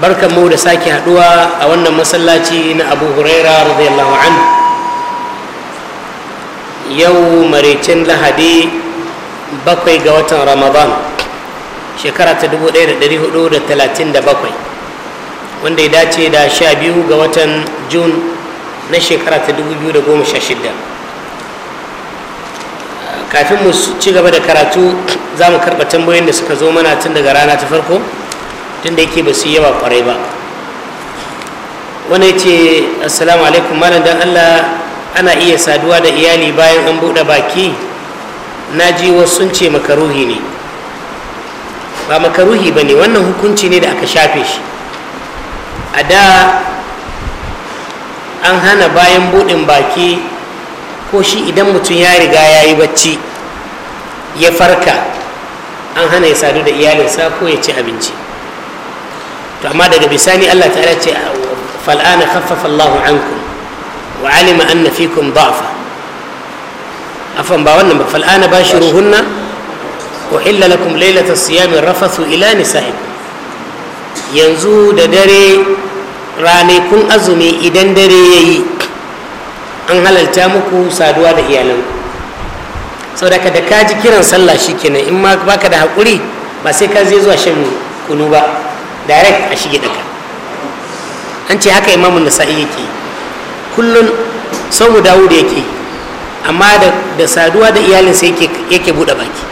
barkan mu da sake haduwa a wannan masallaci na abu huraira radiyallahu an yau maraicin lahadi bakwai ga watan ramadan shekara ta 1437 wanda ya dace da sha biyu ga watan jun na shekara ta 2016 kafin mu ci gaba da karatu za mu karɓa tambayoyin da suka zo mana tun daga rana ta farko da yake ba su yawa kwarai ba wani ce assalamu alaikum malam dan allah ana iya saduwa da iyali bayan an buɗe baki na ji wasu sun ce makaruhi ne ba makaruhi ba ne wannan hukunci ne da aka shafe shi a da an hana bayan buɗin baki ko shi idan mutum ya riga ya yi bacci ya farka an hana ya sadu da iyalinsa ko ya ci abinci to amma daga bisani Allah ta ce fal'ana khaffafa Allah ankum wa alima anna fikum da'fa afan ba wannan ba fal'ana bashiruhunna uhilla lakum laylata siyami rafathu ila nisaikum yanzu da dare ranakun azumi idan dare yayi an halalta muku saduwa da iyalanku Sau da ka ji kiran sallah kenan in ma baka da haƙuri ba sai ka zai zuwa shan kunu ba direct a shige daka an ce haka imamun nasa'i yake kullun saumu dawud yake amma da saduwa da iyalinsa yake buɗe baki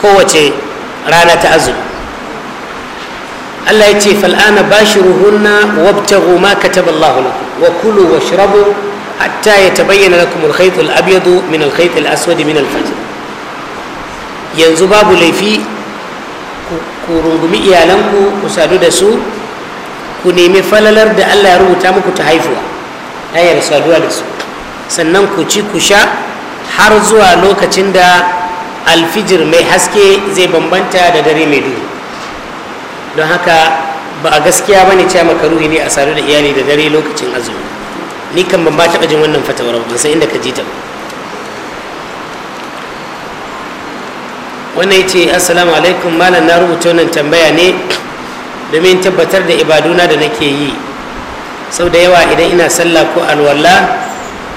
kowace rana ta azumi Allah ya ce fal'ana bashiruhunna wabtaghu ma kataba Allahu na wa kulu washrabu hatta ya ta bayyana kuma al-abyad min al-khayt min al yanzu babu laifi ku rungumi iyalanku ku sadu da su ku nemi falalar da allah ya rubuta muku ta haifuwa hanyar saduwa da su sannan ku ci ku sha har zuwa lokacin da alfijir mai haske zai bambanta da dare mai duhu don haka ba a gaskiya ba ne cewa makaruhi ne a sadu da iyali da dare lokacin azumi ni kan ban ba jin wannan fatawar ban san inda ka ji ta ba wannan ya ce assalamu alaikum malam na rubuta wannan tambaya ne domin tabbatar da ibaduna da nake yi sau da yawa idan ina sallah ko alwala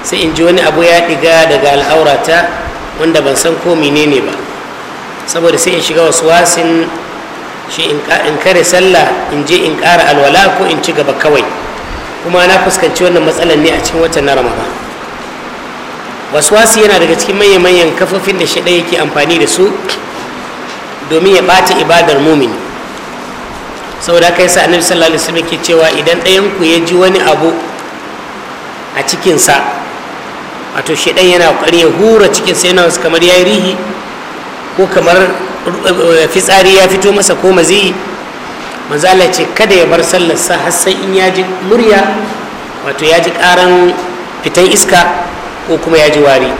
sai in ji wani abu ya ɗiga daga al'aurata wanda ban san ko menene ba saboda sai in shiga wasu wasin shi in kare sallah in je in ƙara alwala ko in ci gaba kawai kuma na fuskanci wannan matsalar ne a cikin watan na ramadan wasi yana daga cikin manya-manyan kafofin da shaɗa yake amfani da su domin ya ɓata ibadar mumini saboda haka yasa annabi sallallahu alaihi wasallam ke cewa idan ɗayan ku ya ji wani abu a cikinsa wato shedan yana ƙoƙari ya hura cikinsa yana wasu kamar ya yi rihi ko kamar eh, fitsari ya fito masa ko mazi manzala ce kada ya bar sallarsa har sai in ya ji murya wato ya ji karan fitan iska ko kuma ya ji wari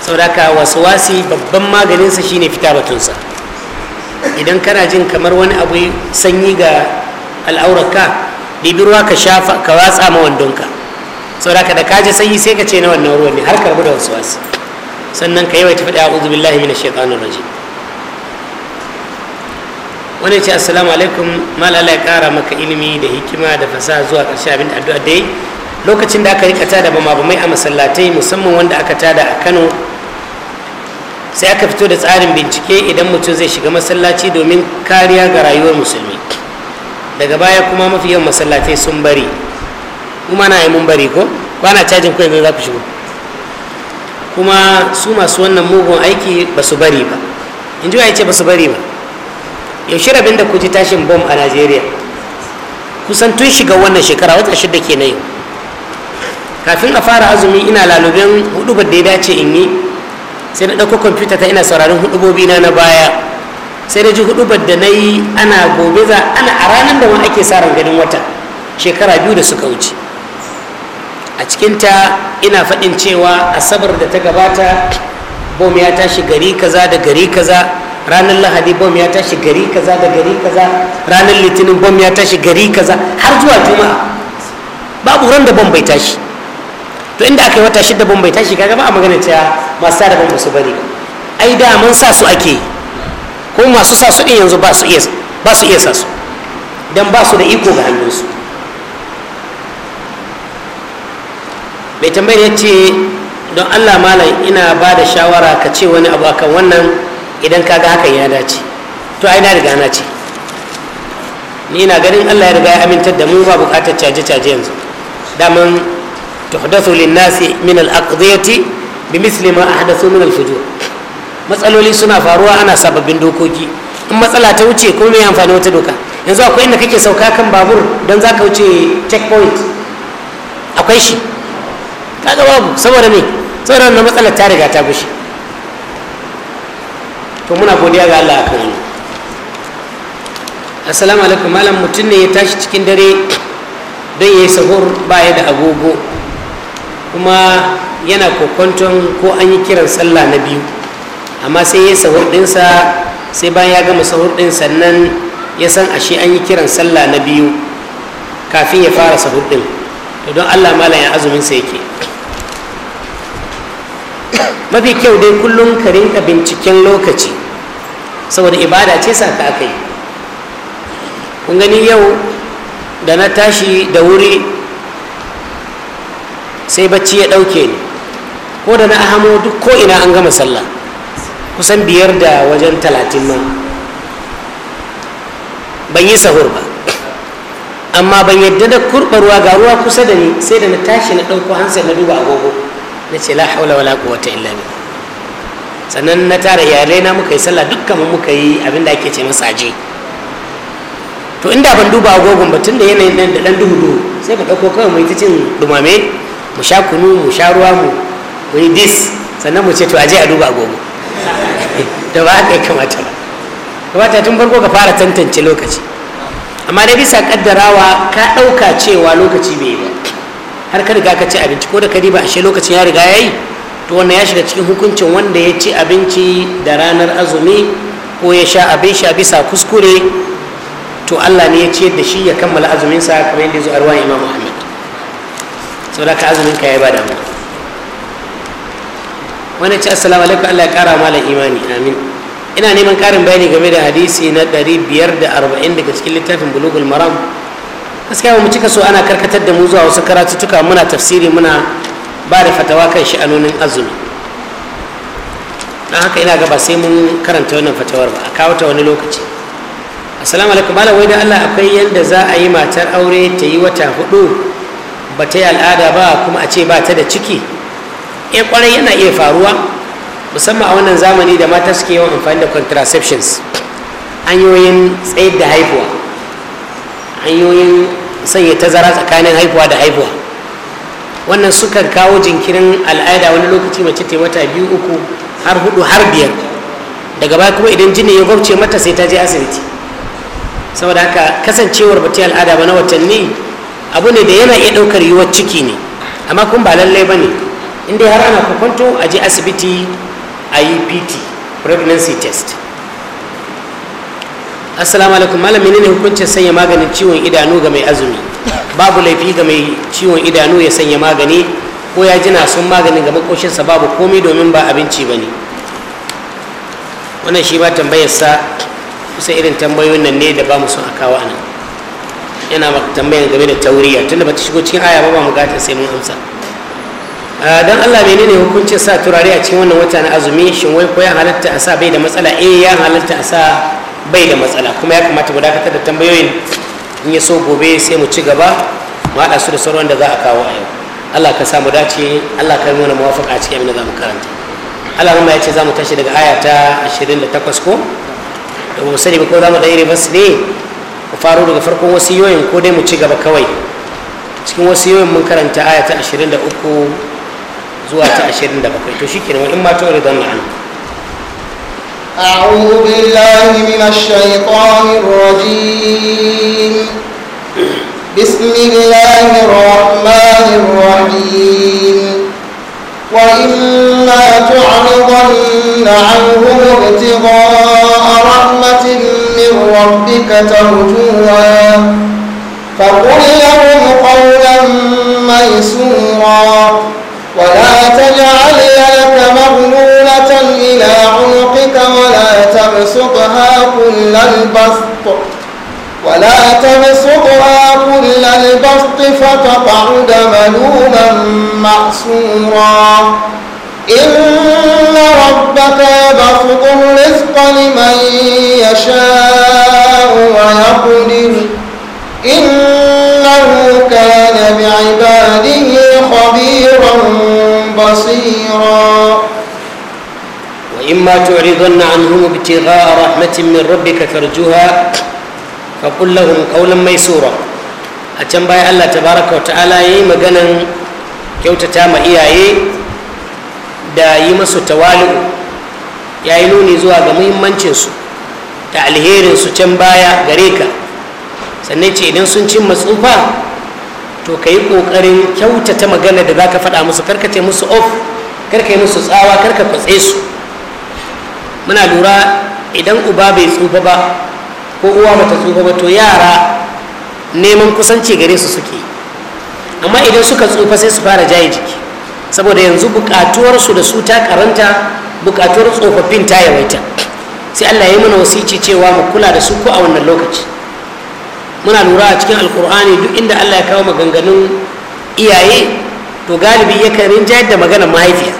saboda haka wasu wasi babban maganinsa shine fita batunsa idan kana jin kamar wani abu sanyi ga al'aurarka ɗibi ruwa ka shafa ka watsa ma wandonka saboda ka da kaji sanyi sai ka ce na wannan ruwan ne har ka rabu da wasu wasu sannan ka yawaita faɗi a'udhu billahi minash shaitanir rajim wani ce assalamu alaikum malala ya kara maka ilimi da hikima da fasaha zuwa ƙarshe abin da addu'a dai lokacin da aka rika tada ba mai a masallatai musamman wanda aka tada a Kano sai aka fito da tsarin bincike idan mutum zai shiga masallaci domin kariya ga rayuwar musulmi daga baya kuma mafi yawan masallatai sun bari kuma na yi mun bari ko kwana cajin za ku shigo kuma su masu wannan mugun aiki ba su bari ba in ji ce ba su bari ba yaushe rabin da ku ji tashin bom a najeriya kusan tun shiga wannan shekara wata shida ke na yau kafin a fara azumi ina laluben hudu ba da ya dace in yi sai na ɗauko kwamfuta ta ina sauraron hudubobi na na baya sai na ji hudubar da na yi ana gobe za ana a ranar da wani ake sa ran ganin wata shekara biyu da suka wuce a cikinta ina faɗin cewa asabar da ta gabata bom ya tashi gari kaza da gari kaza ranar lahadi bom ya tashi gari kaza da gari kaza ranar litinin bom ya tashi gari kaza har zuwa juma'a babu ran da bom bai tashi to inda aka yi wata shida ban bai tashi kaga ba a magana ta masu sa da ban su ai da mun sa su ake ko masu sa su din yanzu ba su iya ba su iya sa su dan ba su da iko ga hannunsu mai tambayar ya ce don allah malam ina ba da shawara ka ce wani abu akan wannan idan kaga hakan ya dace to ai na riga na ce ni ina ganin allah ya riga ya amintar da mu ba bukatar caje-caje yanzu daman تحدث للناس من الأقضية بمثل ما أحدثوا من الفجور matsaloli suna faruwa ana sababbin dokoki in matsala ta wuce kuma mai amfani wata doka yanzu akwai inda kake sauka kan babur don za ka wuce checkpoint akwai shi kaga babu saboda me saboda wannan matsalar ta riga ta bushe to muna godiya ga Allah akan wannan assalamu alaikum malam mutum ne ya tashi cikin dare don ya yi sahur baya da agogo kuma yana kokonton ko an yi kiran sallah na biyu amma sai ya sahur ɗinsa sai bayan ya gama sahur ɗin sannan ya san ashe an yi kiran sallah na biyu kafin ya fara sahur ɗin to don allah malam ya sa yake mafi kyau dai kullum ka rinka binciken lokaci saboda ibada ce sa ka aka yi kun gani yau da na tashi da wuri sai bacci ya ɗauke ni ko da na ahamo duk ko ina an gama sallah kusan biyar da wajen talatin ma ban yi sahur ba amma ban yadda da kurɓa ruwa ga ruwa kusa da ni sai da na tashi na ɗauko hansa na duba agogo na ce la haula wala quwwata illa sannan na tara iyalai na muka yi sallah dukkan muka yi abin da ake ce masa aje to inda ban duba agogon ba tun da yanayin da dan duhu duhu sai ka ɗauko kawai mai ta cin dumame mu sha kunu mu sha ruwa mu mu yi dis sannan mu ce to aje a duba agogo da ba haka ya kamata ba kamata tun farko ka fara tantance lokaci amma da bisa kaddarawa ka ɗauka cewa lokaci bai ba har ka riga ka ci abinci ko da ka riba ashe lokacin ya riga ya yi to wannan ya shiga cikin hukuncin wanda ya ci abinci da ranar azumi ko ya sha abin sha bisa kuskure to allah ne ya ce da shi ya kammala azuminsa kamar yadda ya zo a ruwan imam ahmad sau da ka azumin ka ya ba damu wani ci assalamu alaikum allah ya kara malam imani amin ina neman karin bayani game da hadisi na 540 daga cikin littafin bulugul maram gaskiya mu cika so ana karkatar da mu zuwa wasu karatuttuka muna tafsiri muna ba da fatawa kan sha'anonin azumi don haka ina gaba sai mun karanta wannan fatawar ba a kawo ta wani lokaci assalamu alaikum malam wai da allah akwai yadda za a yi matar aure ta yi wata hudu ba ta yi al'ada ba kuma a ce ba ta da ciki e eh, kwarai yana iya faruwa musamman a wannan zamani da mata suke yawan amfani da contraceptions hanyoyin tsayar da haihuwa hanyoyin sanya tazara tsakanin haihuwa da haihuwa wannan suka kawo jinkirin al'ada wani lokaci mace ta wata biyu uku har hudu har biyar daga baya kuma idan jini ya gwamce mata sai ta je asibiti saboda haka kasancewar ba al'ada ba na watanni abu ne da yana iya ɗaukar yiwuwar ciki ne amma kun ba lallai ba ne inda dai har ana kwakwanto a je asibiti a yi pt pregnancy test assalamu alaikum malami ne hukuncin sanya maganin ciwon idanu ga mai azumi babu laifi ga mai ciwon idanu ya sanya magani ko ya jina sun magani ga makoshinsa babu komai domin ba abinci ba ne wannan shi ba tambayarsa kusa irin tambayoyin nan ne da ba mu son a kawo anan yana tambayan game da tauriya tunda bata shigo cikin aya ba ba bukatar sai mun amsa dan Allah menene hukuncin sa turare a cikin wannan wata na azumi shin wai ko ya halatta a sa bai da matsala eh ya halatta a sa bai da matsala kuma ya kamata mu dakatar da tambayoyin in ya so gobe sai mu ci gaba mu haɗa su da sauran da za a kawo a yau Allah ka samu dace Allah ka yi mana muwafaqa a cikin abin da za mu karanta Allah ya ce za mu tashi daga aya ta 28 ko da mu sani ba ko za mu ɗan iri bas ne ku faro daga farkon wasiyoyin ko dai mu ci gaba kawai cikin wasiyoyin mun karanta aya ta 23 zuwa ta 27 to shikenan wa in ma ta ridan na Allah أعوذ بالله من الشيطان الرجيم بسم الله الرحمن الرحيم وإما تعرضن عنهم ابتغاء رحمة الله من ربك ترجوها فقل لهم قولا ميسورا ولا تجعل يدك مغلولة إلى عنقك ولا تبسطها كل البسط ولا تبسطها كل البسط فتقعد ملوما محسورا إن ربك يبسط الرزق لمن يشاء ويقدر إنه كان بعباده خبيرا بصيرا وإما تعرضن عنهم ابتغاء رحمة من ربك ترجوها فقل لهم قولا ميسورا أتنبأ الله تبارك وتعالى يمجنا كيوتتا ما إيه da yi masu tawali'u ya yi nuni zuwa ga muhimmancinsu da alherinsu can baya gare ka sannan ce idan sun cin matsufa to ka yi ƙoƙarin kyautata magana da za ka faɗa musu karkace musu off karka yi musu tsawa karka kwatse su muna lura idan uba bai tsufa ba ko uwa bata tsufa ba to yara neman kusanci gare su suke amma idan suka tsufa sai su fara jaye jiki saboda yanzu bukatuwarsu da su ta karanta bukatuwar tsofaffin ta yawaita sai allah ya mana wasici cewa mu kula da su ko a wannan lokaci muna lura a cikin alkur'ani duk inda allah ya kawo maganganun iyaye to galibi ya yakan rinjayar da magana mahaifiya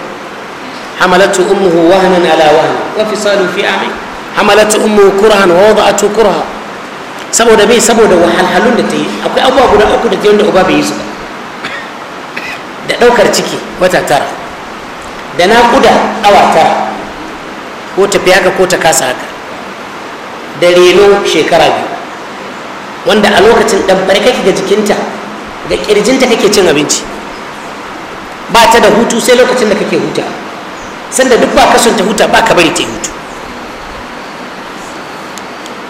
hamalatu ummuhu wahanan ala wahan wa salu fi amin hamalatu ummuhu kurhan wa wada'atu kurha saboda bai saboda wahalhalun da ta yi akwai abubuwa guda uku da ta yi wanda uba bai yi su ba da ɗaukar ciki wata tara da naƙuda awa tara ko tafi haka ko ta kasa haka da reno shekara biyu wanda a lokacin ɗabbar kake ga jikinta ga ƙirjinta kake cin abinci ba ta da hutu sai lokacin da kake huta sanda duk ba kason ta huta ba ka bari ta hutu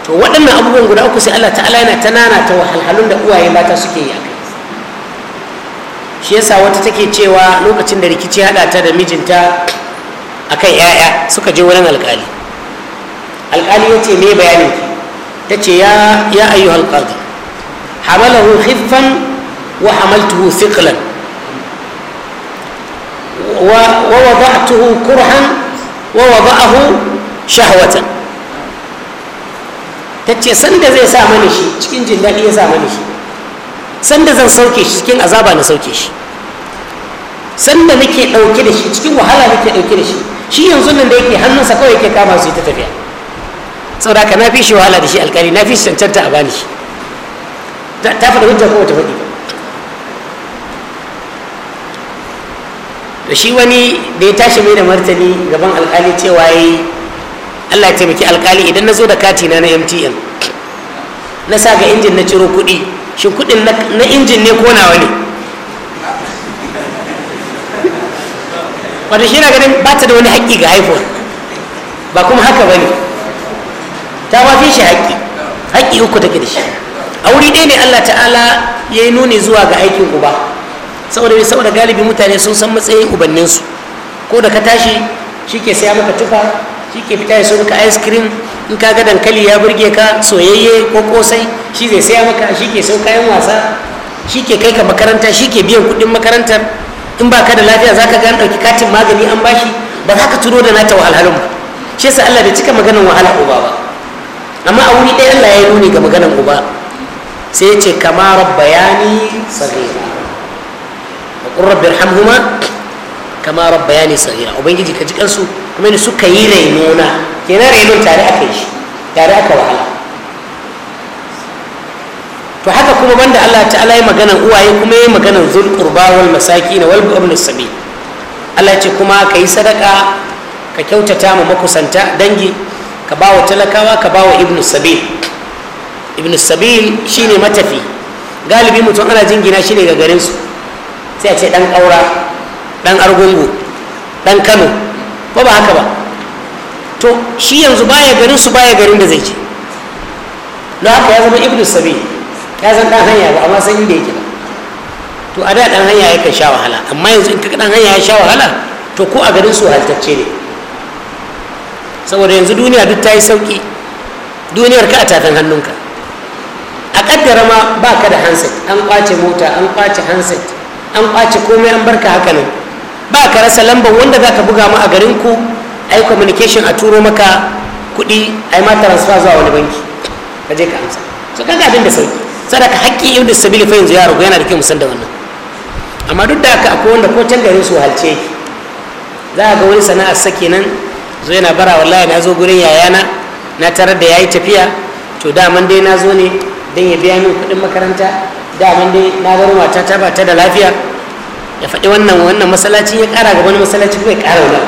to waɗannan abubuwan guda uku sai Allah ta'ala yana ta nana ta wahalhalun da uwaye mata suke yi a shi yasa wata take cewa lokacin da rikici hada ta da mijinta akan yaya suka je wurin alkali alkali ya ce me bayanin ki ta ce ya ya ayyuhal qadi hamalahu khiffan wa hamaltuhu thiqlan wa wada'tuhu kurhan wa wada'ahu shahwatan ta ce sanda zai sa mani shi cikin jin daɗi ya sa mani shi sanda zan sauke shi cikin azaba na sauke shi sanda nake ɗauke da shi cikin wahala nake ɗauke da shi shi yanzu nan da yake hannunsa kawai yake kama su ta tafiya saboda ka na fi shi wahala da shi alkali na fi shi cancanta a bani shi ta faɗa hujja ko wata faɗi da shi wani da ya tashi mai da martani gaban alkali cewa yi allah ya taimaki alkali idan na zo da katina na mtn na sa ga injin na ciro kuɗi shi kudin na injin ne ko nawa ne wata shi na ganin ba ta da wani haƙƙi ga iphone ba kuma haka ba ne ta wafi shi haƙƙi haƙƙi uku take da shi a wuri ɗaya ne allah ta'ala ya yi nuni zuwa ga aikin uba saboda mai saboda galibi mutane sun san matsayin ubanninsu ko da ka tashi shi ke saya maka tufa shi ke fita ya so maka ice cream in ka ga dankali ya burge ka soyayye ko kosai shi zai saya maka shi ke sau kayan wasa shi ke kai ka makaranta shi ke biyan kuɗin makarantar in ba ka da lafiya za ka ga an ɗauki katin magani an bashi ba za ka turo da nata wahalhalun ba shi yasa Allah bai cika maganar wahala uba ba amma a wuri ɗaya Allah ya yi nuni ga maganar uba sai ya ce kama rabbayani sagira. wa qur rabbi kama rabbayani saghira ubangiji ka ji kansu kuma ne suka yi rainona kenan rainon tare aka yi shi tare aka wahala to haka kuma banda Allah ta'ala ya magana uwaye kuma ya magana zul qurba wal masakin wal ibn sabi Allah ce kuma ka yi sadaka ka kyautata ma makusanta dangi ka bawa talakawa ka bawa ibn sabil ibn sabil shine matafi galibi mutum ana jingina shine ga garin su sai a ce dan kaura dan argungu dan kano ba ba haka ba to shi yanzu baya garin su baya garin da zai ce na haka ya zama ibnu sabi ya san dan hanya ba amma san inda yake ba to a da dan hanya yakan sha wahala amma yanzu in ka dan hanya ya sha wahala to ko a garin su halittacce ne saboda yanzu duniya duk ta yi sauki duniyar ka a tafin hannunka a kaddara ma ba ka da handset an kwace mota an kwace handset an kwace komai an barka haka nan ba ka rasa lambar wanda za ka buga mu a garin ku a yi communication a turo maka kuɗi a yi ma transfer zuwa wani banki ka je ka amsa so kaga abin da sauki sadaka haƙƙi yau da sabili fa yanzu yaro yana da kyau musan da wannan amma duk da haka akwai wanda ko can garin su halce za a ga wani sana'ar sa nan zo yana bara wallahi na zo gurin yayana na tarar da ya yi tafiya to daman dai na zo ne don ya biya min kuɗin makaranta daman dai na bar matata ba ta da lafiya ya faɗi wannan wannan masalaci ya ƙara ga wani masalaci kuma ya ƙara wani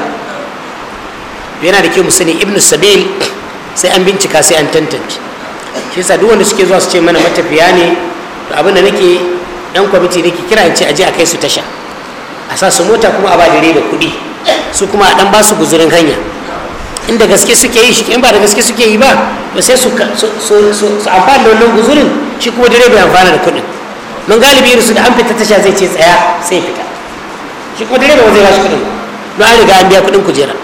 yana da kyau mu sani ibnu sabil sai an bincika sai an tantance shi yasa duk wanda suke zuwa su ce mana matafiya ne to abin da nake yan kwamiti nake kira in ce aje a kai su tasha a sa su mota kuma a ba da kuɗi su kuma a dan ba su guzurin hanya inda gaske suke yi shi in ba da gaske suke yi ba to sai su amfani da wannan guzurin shi kuma direba ya amfana da kuɗin mun galibi su da an fita tasha zai ce tsaya sai fita shi kuma direba zai bashi kudin na an riga an biya kuɗin kujera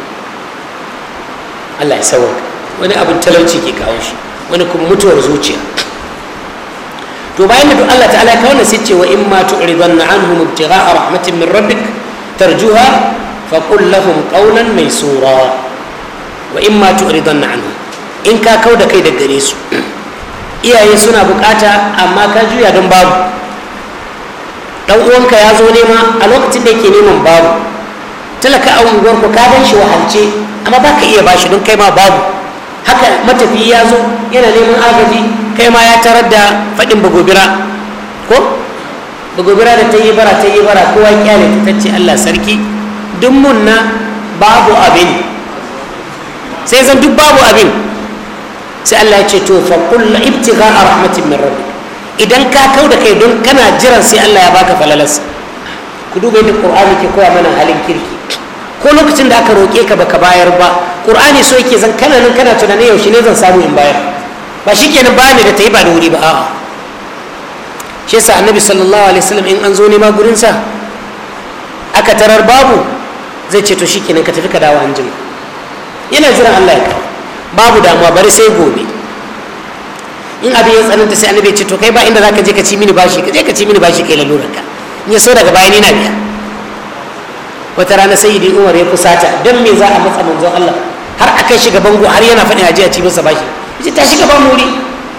Allah ya sauwa wani abin talauci ke kawo shi wani kuma mutuwar zuciya to bayan da Allah ta'ala ka wannan sai ce wa in ma tu'ridanna anhum ibtigha'a rahmatin min rabbik tarjuha fa qul lahum qawlan maysura wa in ma tu'ridanna anhum in ka kauda kai da gare su iyaye suna bukata amma ka juya don babu dan uwanka ya zo nema a lokacin da yake neman babu talaka a unguwar ku ka gan shi wahalce amma ba ka iya bashi don kai ma babu haka matafi ya zo yana neman agaji kai ma ya tarar da faɗin bagobira ko bagobira da ta yi bara ta yi bara kowa kyale ta tace Allah sarki duk munna babu abin sai zan duk babu abin sai Allah ya ce to fa kullu ibtigha rahmatin min rabbi idan ka kau da kai don kana jiran sai Allah ya baka falalarsa ku duba yadda Qur'ani ke koya mana halin kirki ko lokacin da aka roƙe ka baka bayar ba Qur'ani so yake zan kana nan kana tunanin yaushe ne zan samu in bayar ba shikenan ba ne da tayi ba da wuri ba a'a shi yasa Annabi sallallahu alaihi wasallam in an zo ma gurin sa aka tarar babu zai ce to shikenan ka tafi ka dawo anjima yana jiran Allah ya kawo babu damuwa bari sai gobe in abin ya tsananta sai annabi ce to kai ba inda zaka je ka ci mini bashi ka je ka ci mini bashi kai lalurar ka in ya so daga baya ni na biya wata rana sayyidi umar ya kusata don me za a matsa manzo Allah har akai shi ga bango har yana faɗin a ci masa bashi yace ta shiga ban muri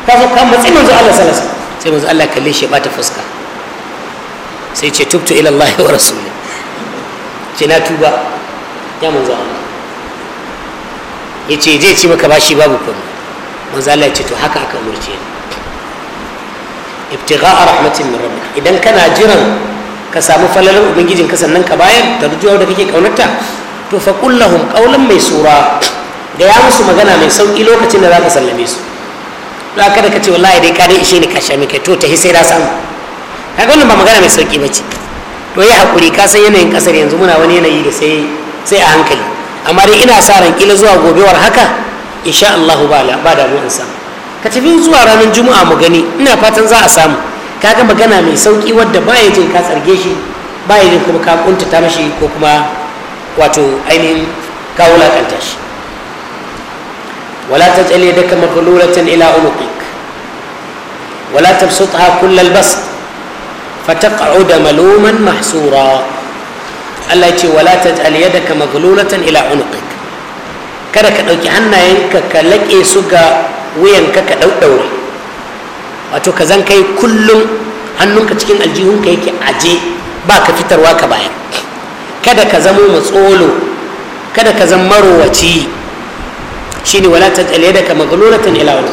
ka zo ka matsi manzo Allah sallallahu alaihi wasallam sai manzo Allah kalle shi ya bata fuska sai ce tubtu ila Allah wa rasuli ce na tuba ya manzo Allah yace je ci maka bashi babu komai manzala ya ce to haka aka umarce ni a rahmatin min rabbik idan kana jiran ka samu falalar ubangijin ka sannan ka bayar da rujuwa da kake kaunarta to fa kullahum mai sura da ya musu magana mai sauki lokacin da za ka sallame su don kada ka ce wallahi dai ka dai ishe ni ka sha kai to ta sai na samu ga wannan ba magana mai sauki bace to yi hakuri ka san yanayin kasar yanzu muna wani yanayi da sai sai a hankali amma dai ina sa ran kila zuwa gobewar haka insha Allahu ba ba da in samu ka tafi zuwa ranar juma'a mu gani ina fatan za a samu kaga magana mai sauki wadda baya jin ka tsarge shi baya jin kuma ka kuntata mashi ko kuma wato ainihin ka wulakanta shi ولا تجعل يدك مغلولة إلى عنقك ولا تبسطها كل البسط فتقعد ملوما محسورا Allah ce wala ta aliyadaka maglulatan ila unuqik kada ka ɗauki hannayenka ka laƙe su ga wuyanka ka ɗauɗaure wato ka zan kai kullum hannunka cikin aljihunka yake aje ba ka fitarwa ka bayar kada ka zamo matsolo kada ka zan marowaci ne wala ta tsale da ka maglulatan ila wani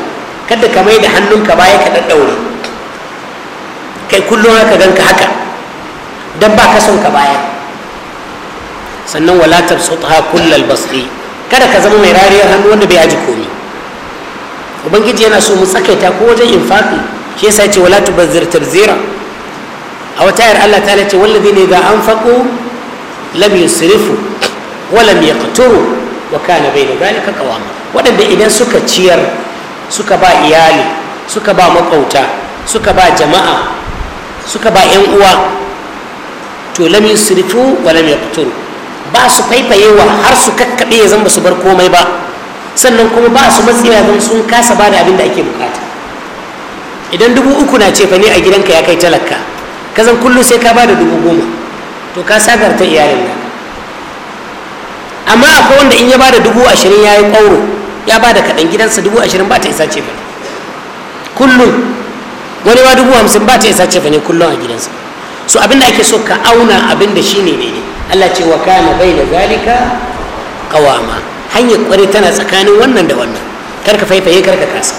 kada ka mai da hannunka baya ka ɗaɗɗaure kai kullum haka gan ka haka don ba ka son ka baya sannan wala ta kullal basti kada ka zama mai rariyar hannu wanda bai aji komi ubangiji yana so mu tsakaita ko wajen infaki shi yasa ya ce wala tubazzir tarzira a wata yar Allah ta ce wallazi ne da an anfaqu lam yusrifu wa lam yaqturu wa kana bayna zalika qawama wadanda idan suka ciyar suka ba iyali suka ba makauta suka ba jama'a suka ba yan uwa to lam yusrifu wa lam yaqturu ba su faifayewa har su kakkaɓe ya zan ba su bar komai ba sannan kuma ba su matsewa don sun kasa ba da abin da ake bukata idan dubu uku na cefa ne a gidanka ya kai talaka ka zan kullum sai ka ba da dubu goma to ka sagarta iyalin nan amma akwai wanda in ya ba da dubu ashirin ya yi ƙauro ya ba da kaɗan gidansa dubu ashirin ba ta isa cefa ne kullum wani ma dubu hamsin ba ta isa cefa ne kullum a gidansa so da ake so ka auna abin da shi ne ne Allah ce wa kana baina zalika qawama hanyar kware tana tsakanin wannan da wannan karka faifaye karka kasa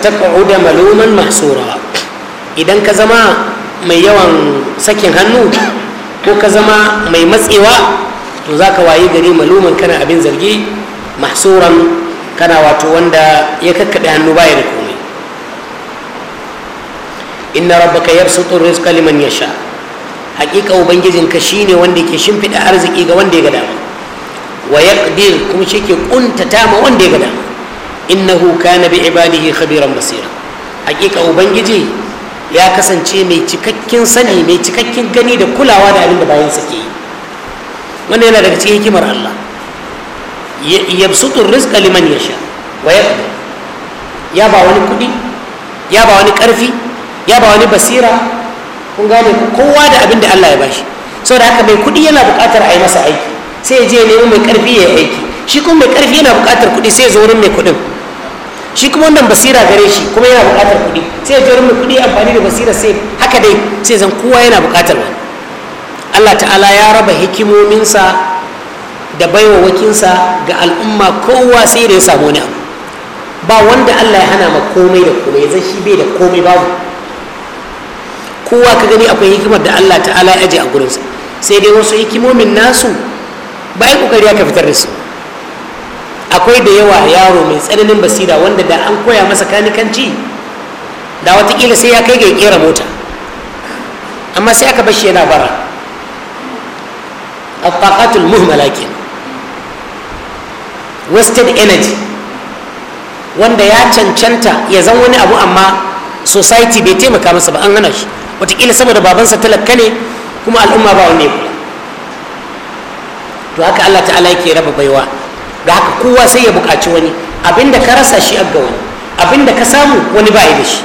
da maluman mahsura idan ka zama mai yawan sakin hannu ko ka zama mai matsewa to za ka waye gari maluman kana abin zargi mahsuran kana wato wanda ya kakkaɗe hannu baya da kowa inna rabbaka yabsutu rizqa liman yasha hakika ubangijinka shine wanda yake shimfida arziki ga wanda ya ga dama wa yaqdir kuma shi ke kuntata ma wanda ya ga dama innahu kana bi ibadihi khabiran basira hakika ubangiji ya kasance mai cikakken sani mai cikakken gani da kulawa da abin da bayan sa ke wannan yana daga cikin hikimar Allah yabsutur rizqa liman yasha wa yaqdir ya ba wani kudi ya ba wani karfi ya ba wani basira kun gane kowa da abin da Allah ya bashi da haka mai kuɗi yana buƙatar a yi masa aiki sai ya je nemi mai ƙarfi ya yi aiki shi kuma mai ƙarfi yana buƙatar kuɗi sai ya zo wurin mai kuɗin shi kuma wannan basira gare shi kuma yana buƙatar kuɗi sai ya zo wurin mai kuɗi amfani da basira sai haka dai sai zan kowa yana buƙatar wani Allah ta'ala ya raba hikimominsa da baiwa wakinsa ga al'umma kowa sai da ya samu wani abu ba wanda Allah ya hana ma komai da komai zai shi bai da komai babu kowa ka gani akwai hikimar da Allah ta'ala ya aje a gurinsa sai dai wasu hikimomin nasu ba ai kokari aka fitar da su akwai da yawa yaro mai tsananin basira wanda da an koya masa kanikanci da watakila sai ya kai ga kera mota amma sai aka bashi yana bara al-taqatul muhmala wasted energy wanda ya cancanta ya zan wani abu amma society bai taimaka masa ba an hana shi wataƙila saboda babansa talaka ne kuma al'umma ba wani kula to haka allah ta'ala yake raba baiwa da haka kowa sai ya buƙaci wani abinda ka rasa shi ga wani abinda ka samu wani ba da shi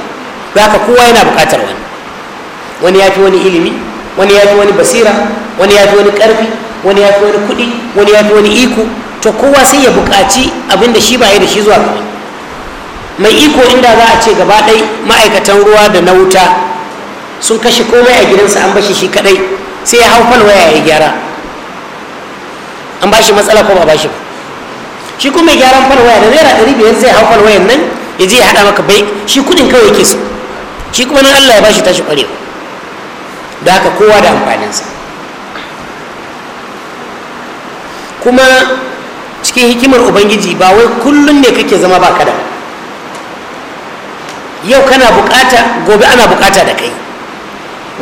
da haka kowa yana buƙatar wani wani ya fi wani ilimi wani ya fi wani basira wani ya fi wani ƙarfi wani ya fi wani kuɗi wani ya fi wani iko to kowa sai ya buƙaci abinda shi ba da shi zuwa ga wani mai iko inda za a ce gaba ɗai ma'aikatan ruwa da na wuta sun kashe komai a gidansa an bashi shi kadai sai ya hau falwaya ya gyara an bashi matsala ko ba bashi ba shi kuma mai gyaran falwaya da naira ɗari biyar zai hau falwayan nan ya je ya haɗa maka bai shi kudin kawai yake so shi kuma nan allah ya bashi tashi ƙwarewa da haka kowa da amfaninsa kuma cikin hikimar ubangiji ba wai kullum ne kake zama ba kada yau kana bukata gobe ana bukata da kai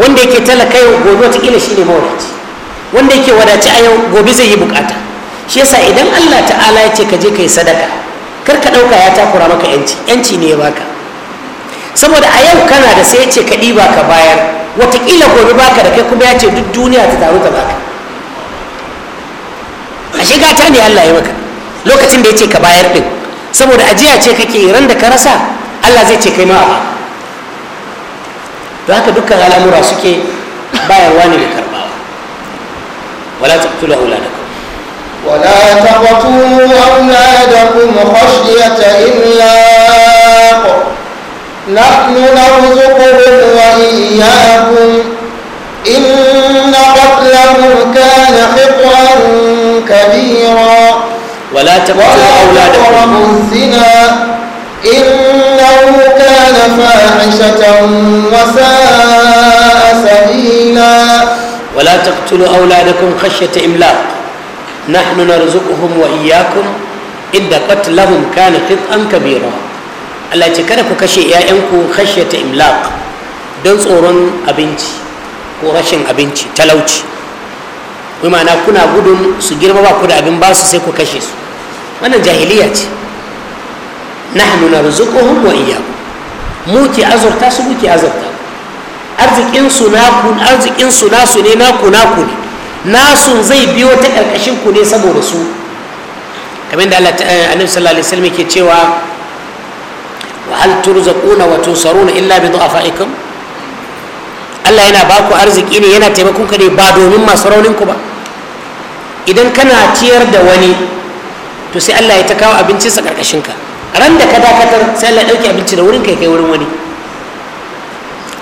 wanda yake talaka yau gobe watakila shi ne mawadaci wanda yake wadaci a yau gobe zai yi bukata shi yasa idan allah ta'ala ya ce ka je ka yi sadaka kar ka ɗauka ya takura maka yanci yanci ne ya baka saboda a yau kana da sai ya ce ka ɗiba ka bayar watakila gobe baka da kai kuma ya ce duk duniya ta taru ta baka ashe gata ne allah ya maka lokacin da ya ce ka bayar ɗin saboda ajiya ce kake ran da ka rasa allah zai ce kai ma a don haka dukkan al'amura suke bayarwa ne da karbawa wala wula taqtulu auladakum wala ta da kuma taqtulu auladakum khashyata imlaq nahnu narzuquhum wa iyyakum inna qatlahum kana khit'an kabira wala تقتلوا أولادكم ولا تقربوا الزنا إن فاحشة وساء سبيلا ولا تقتلوا أولادكم خشية إملاق نحن نرزقهم وإياكم إن قتلهم كان خطأ كبيرا Allah ce kada ku kashe 'ya'yanku ta imlaq don tsoron abinci ko rashin abinci talauci kuma na kuna gudun su girma ba ku da abin basu sai ku kashe su wannan jahiliya ce nahnu mu ke azurta su muke azurta arzikinsu naku arzikinsu nasu ne naku naku ne nasun zai biyo ta ƙarƙashin ku ne saboda su kamar da eh, annabi sallallahu alaihi wasallam ke cewa wa hal turzaquna wa tunsaruna illa bi du'afaikum Allah yana baku arziki ne yana taimakon ka ne ba domin masu raunin ku ba idan kana ciyar da wani to sai Allah ya ta kawo abincinsa ƙarƙashin ka ran da ka dakatar sai Allah dauke abinci da wurin kai kai wurin wani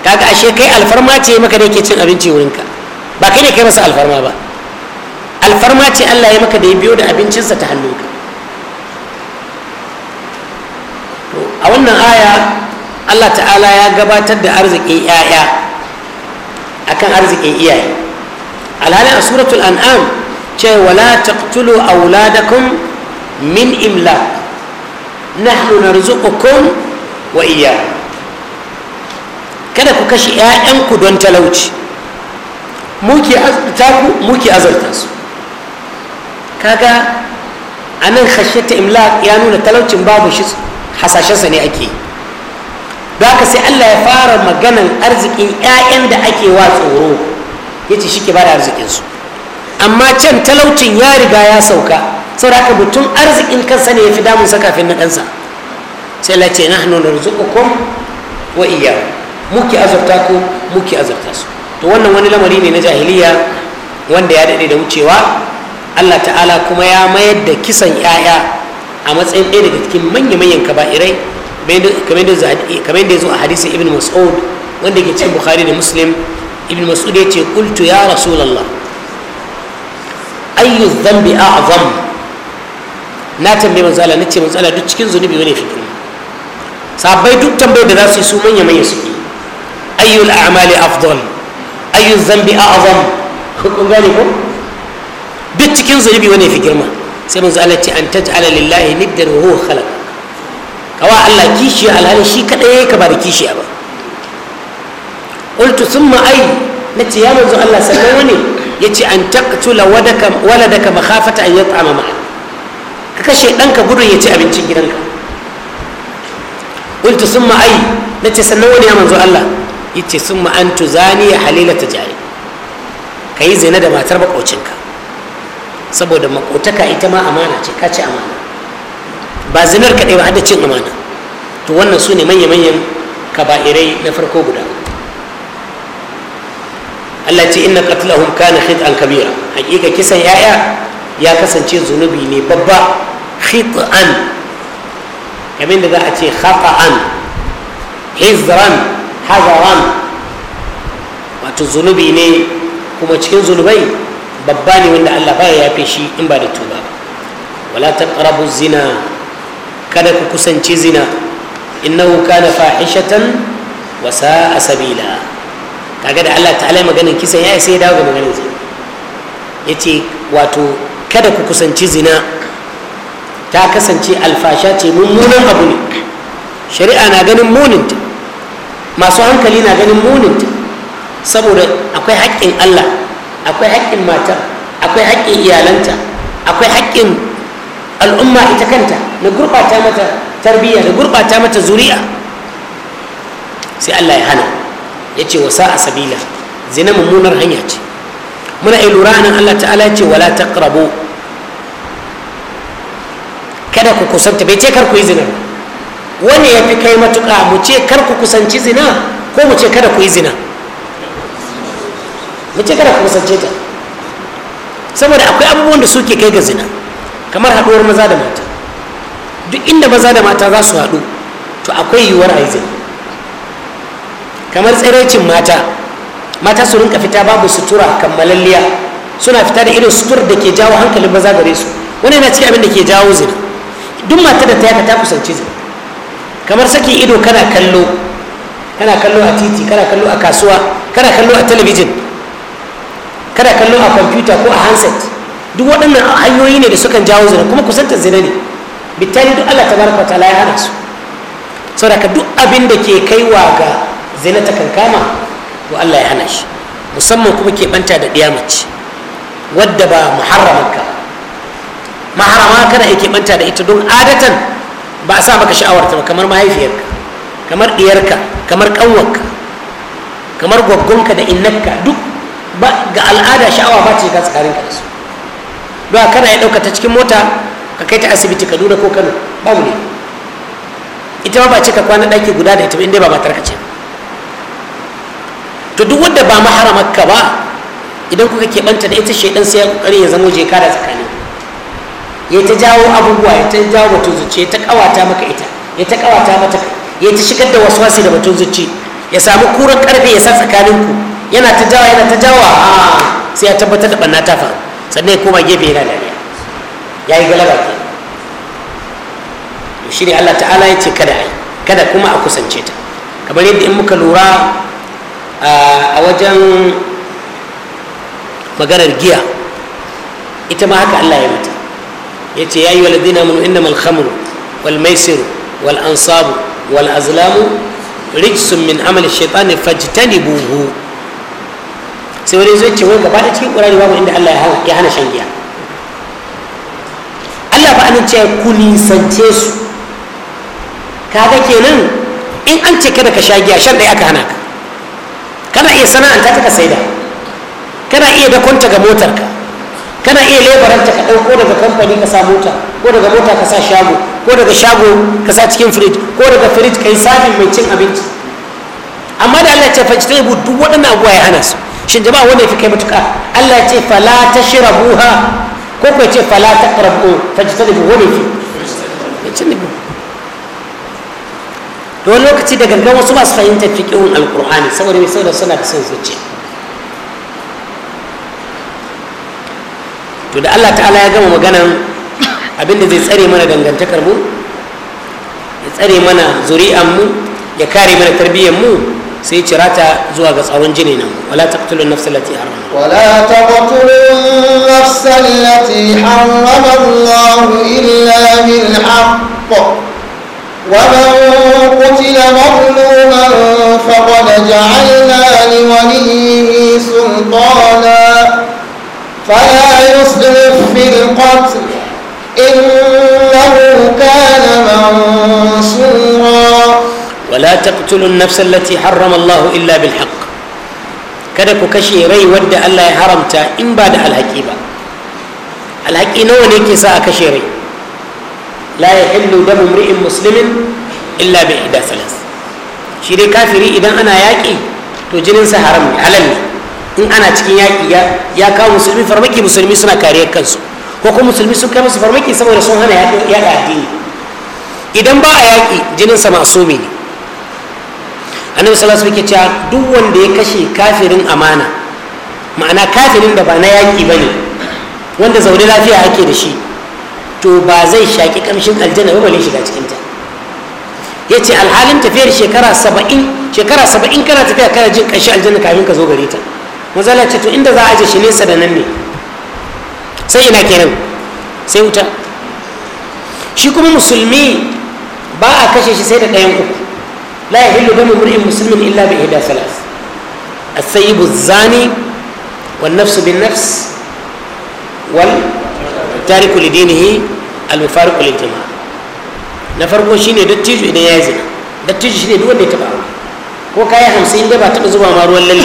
kaga ashe kai alfarma ce maka da yake cin abinci wurin ka ba kai ne kai masa alfarma ba alfarma ce Allah ya maka da ya biyo da abincinsa ta hannu ka a wannan aya Allah ta'ala ya gabatar da arzikin 'ya'ya akan arzikin iyaye Alhali a suratul an'am ce wala taqtulu auladakum min imlaq nahnu narzuqukum wa kada ku kashe ƴaƴanku don talauci muke azurta ku muke azurta su kaga anan khashyata imlaq ya nuna talaucin babu shi hasashensa ne ake da haka sai Allah ya fara maganan arzikin 'ya'yan da ake wa tsoro ya ce shi ke bada arzikinsu amma can talaucin ya riga ya sauka saboda haka mutum arzikin kansa ne ya fi damunsa kafin na kansa sai Allah ce nahnu narzuqukum wa iyyakum muke azurta ku muke azurta su to wannan wani lamari ne na jahiliya wanda ya daɗe da wucewa Allah ta'ala kuma ya mayar da kisan 'ya'ya a matsayin ɗaya daga cikin manya-manyan kaba'irai kamar yadda ya zo a hadisin ibn mas'ud wanda ke cikin bukhari da muslim ibn mas'ud ya ce kultu ya rasulallah ayyu zambi a'zam na tambaye manzo Allah nace manzo Allah duk cikin zunubi wani fi sabai duk tambayar da za su yi su manya manya su ayyul a'mali afdal ayyul zambi a'zam kun gane ko duk cikin zunubi wani fi girma sai manzo Allah ce an taj'ala lillahi niddan wa huwa khalaq kawa Allah kishi alhali shi kadai ka ba da kishi ba qultu thumma ay nace ya manzo Allah sannan wani yace an taqtula waladaka waladaka makhafata an yat'ama ma'a ka kashe ɗanka gudun ya ci abincin gidanka kuntu sun ma'ai na ce sannan wani ya manzo Allah ya ce sun ma'an zani ya halila ta jari ka yi zina da matar makocinka saboda maƙotaka ita ma amana ce ka ci amana ba zinar kaɗai ba da cin amana to wannan su ne manya-manyan kaba'irai na farko guda Allah ce inna qatlahum kana khit'an kabira hakika kisan yaya ya kasance zunubi ne babba khit'an kamar da za a ce khata'an hizran hazaran wato zunubi ne kuma cikin zunubai babba ne wanda Allah baya yafe shi in ba da tuba wala taqrabu zina kada ku kusanci zina innahu kana fahishatan wa sa'a sabila kaga da Allah ta'ala maganin kisa ya sai ya dawo ga maganin zina ya ce wato kada ku kusanci zina ta kasance alfasha ce mummunan abu ne shari'a na ganin muninta masu hankali na ganin muninta saboda akwai haƙƙin allah akwai haƙƙin matar akwai haƙƙin iyalanta akwai haƙƙin al'umma ita kanta na gurɓata mata tarbiyya da gurɓata mata zuri'a sai allah ya hana ya ce wasa a sabila zina mummunar hanya ce muna iya lura nan Allah ta'ala ce wala taqrabu kada ku kusanta bai ce kar ku yi zina wani ya fi kai matuƙa mu ce kar ku kusanci zina ko mu ce kada ku yi zina mu ce kada ku kusance ta saboda akwai abubuwan da suke kai ga zina kamar haɗuwar maza da mata duk inda maza da mata za su haɗu to akwai yiwuwar a yi zina kamar tsiraicin mata mata su rinka fita babu sutura kammalalliya suna fita da irin sutur da ke jawo hankalin maza gare su wani yana cikin abin da ke jawo zina duk mata da ta yaka ta kusanci zina kamar sakin ido kana kallo kana kallo a titi kana kallo a kasuwa kana kallo a talabijin kana kallo a kwamfuta ko a handset duk waɗannan hanyoyi ne da sukan jawo zina kuma kusantar zina ne bitali duk allah tabaraka wa ta'ala ya hana su saboda duk abin da ke kaiwa ga zina ta kankama to Allah ya hana shi musamman kuma ke banta da ɗiya mace wadda ba muharramanka maharama kana ke banta da ita don adatan ba a sa maka sha'awarta ba kamar mahaifiyarka kamar ɗiyarka kamar ƙanwarka kamar gwaggonka da innarka duk ga al'ada sha'awa ba ce ga tsakaninka da su don kana ya ɗauka ta cikin mota ka kai ta asibiti ka duna ko kano babu ne ita ma ba ce ka kwana ɗaki guda da ita ba inda ba matarka ce to duk wanda ba maharamarka ba idan kuka keɓanta da ita shaidan sai ya kokari ya zama jeka da tsakani ya ta jawo abubuwa ya ta jawo batun zuci ya ta kawata maka ita ya ta kawata mata ya ta shigar da waswasi da batun zuci ya samu kuran karfe ya sa tsakaninku yana ta jawa yana ta jawa a sai ya tabbatar da banna ta faru sannan ya koma gefe yana dariya ya yi galaba ke shi ne Allah ta'ala ya ce kada a yi kada kuma a kusance ta kamar yadda in muka lura a wajen maganar giya ita ma haka Allah ya mata ya ce ya yi dina mun inda malhamru wal maisir wal ansabu wal amal rijsun min fajita ne buhu sai wani zai ce wani gaba da cikin ƙurari babu inda Allah ya hana shan giya Allah ba an ce ku nisance su kaga kenan in an ce kada ka sha giya shan ɗaya aka hana ka kana iya sana'anta ta ka saida kana iya dakonta ga motarka kana iya lebaranta ka ɗauko daga kamfani ka sa mota ko daga mota ka sa shago ko daga shago ka sa cikin firij ko daga firij ka yi sabin mai cin abinci amma da Allah ya ce fajita ibu duk waɗannan abuwa ya hana su shin jama'a wanda ya fi kai matuƙa Allah ya ce fala ta shira buha ko kuma ya ce fala ta ƙarfi fajita ibu wanda ya fi to wani lokaci da gangan wasu ba su fahimtar fiƙin alƙur'ani saboda mai saboda suna da son zuciya to da Allah ta'ala ya gama maganan abinda zai tsare mana dangantakar mu ya tsare mana zuri'an mu ya kare mana tarbiyyar mu sai cira ta zuwa ga tsaron jini nan wala taqtulun nafsa allati harrama wala taqtulun nafsa allati harrama Allah illa bil haqq wa ma قتل مظلوما فقد جعلنا لوليه سلطانا فلا يسلف في القتل إنه كان منصورا ولا تقتلوا النفس التي حرم الله إلا بالحق كذا كشي ري ود ألا يحرمتا إن بعد الهكيبة الهكي نوني كسا كشي ري لا يحل دم امرئ مسلم illa bi ihda salas shi dai kafiri idan ana yaƙi to jininsa haram ne halal ne in ana cikin yaƙi ya kawo musulmi farmaki musulmi suna kariyar kansu ko kuma musulmi sun kai musu farmaki saboda sun hana yaƙi addini idan ba a yaƙi jininsa masumi ne annabi sallallahu alaihi cewa duk wanda ya kashe kafirin amana ma'ana kafirin da ba na yaƙi ba ne wanda zaune lafiya ake da shi to ba zai shaƙi ƙamshin aljanna ba bale shiga cikin ya ce alhalin tafiyar shekara saba'in shekara saba'in kana tafiya kana jin ƙanshi aljanna kafin ka zo gare ta mazala ce to inda za a aje shi nesa da nan ne sai ina kenan sai wuta shi kuma musulmi ba a kashe shi sai da ɗayan uku la ya hillu bani mur'in musulmin illa bi ihda salas as-sayyibu zani wan nafsu bin nafs wal tariku lidinihi al mufariqu lil jama'a na farko shine dattijo idan ya yi zina dattijo shine duk wanda ya taba aure ko ka yi hamsin da ba taba zuba ma ruwan lalle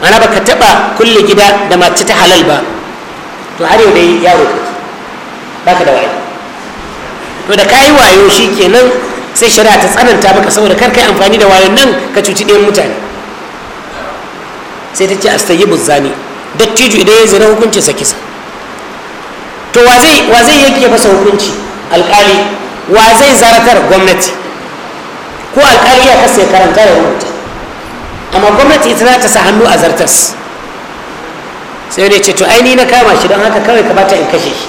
ba ana ba ka taba kulle gida da mace ta halal ba to har yau dai yaro ba ka da wayo to da ka yi wayo shi kenan sai shari'a ta tsananta maka saboda kar kai amfani da wayon nan ka cuci ɗayan mutane sai ta ce sayi buzzani dattijo idan ya zina hukuncin sa kisa to wa zai wa zai yake masa hukunci alƙali wa zai zaratar gwamnati ko alƙali ya kasa karanta ya rubuta amma gwamnati ita ta sa hannu a zartas sai dai ce to aini na kama shi don haka kawai ka bata in kashe shi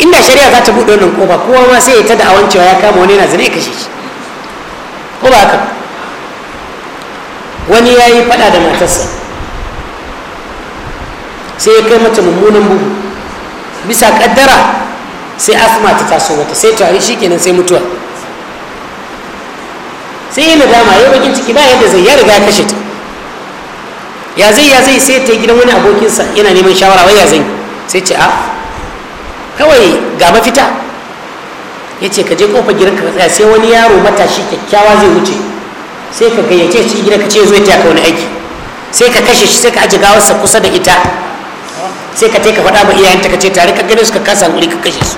inda shari'a za ta buɗe wannan kofa kowa ma sai ya ta da cewa ya kama wani na zane kashe shi ko ba haka wani ya yi faɗa da matarsa sai ya kai mata mummunan bugu bisa ƙaddara sai asma ta taso mata sai tari shikenan sai mutuwa sai yi dama ya bakin ciki ba yadda zai ya riga kashe ta ya zai ya zai sai ta gidan wani abokinsa yana neman shawara wai ya zai sai ce a ah, kawai ga mafita ya ce ka je kofar gidan ka tsaya sai wani yaro matashi kyakkyawa zai wuce sai ka gayyace shi gidan ka ce zo ya taya ka wani aiki sai ka kashe shi sai ka aje gawarsa kusa da ita sai ka ka faɗa ma iyayenta ka ce tare ka gane suka kasa wuri ka kashe su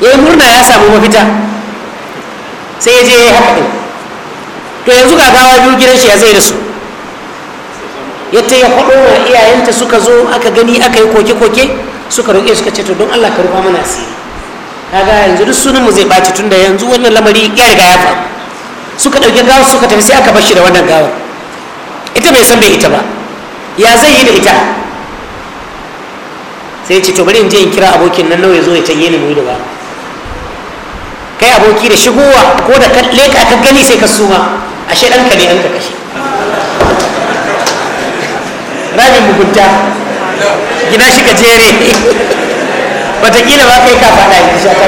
ya yi murna ya samu mafita sai ya je ya yi haka ɗin to yanzu ga gawa biyu gidan shi ya zai da su ya ta ya faɗo wa iyayenta suka zo aka gani aka yi koke-koke suka roƙe suka ce to don allah ka rufa mana asiri kaga yanzu duk sunanmu zai tun tunda yanzu wannan lamari ya riga ya faru suka ɗauki gawar suka tafi sai aka bar shi da wannan gawar ita bai san bai ita ba ya zai yi da ita sai ce to bari in je in kira abokin nan nawa ya zo ya canye ni muyi da ba kai aboki da shigowa ko da leka ka gani sai ka suma ashe ɗanka ne an ka kashe rabin mugunta gina shi ka jere watakila ba kai ka faɗa yi sha ta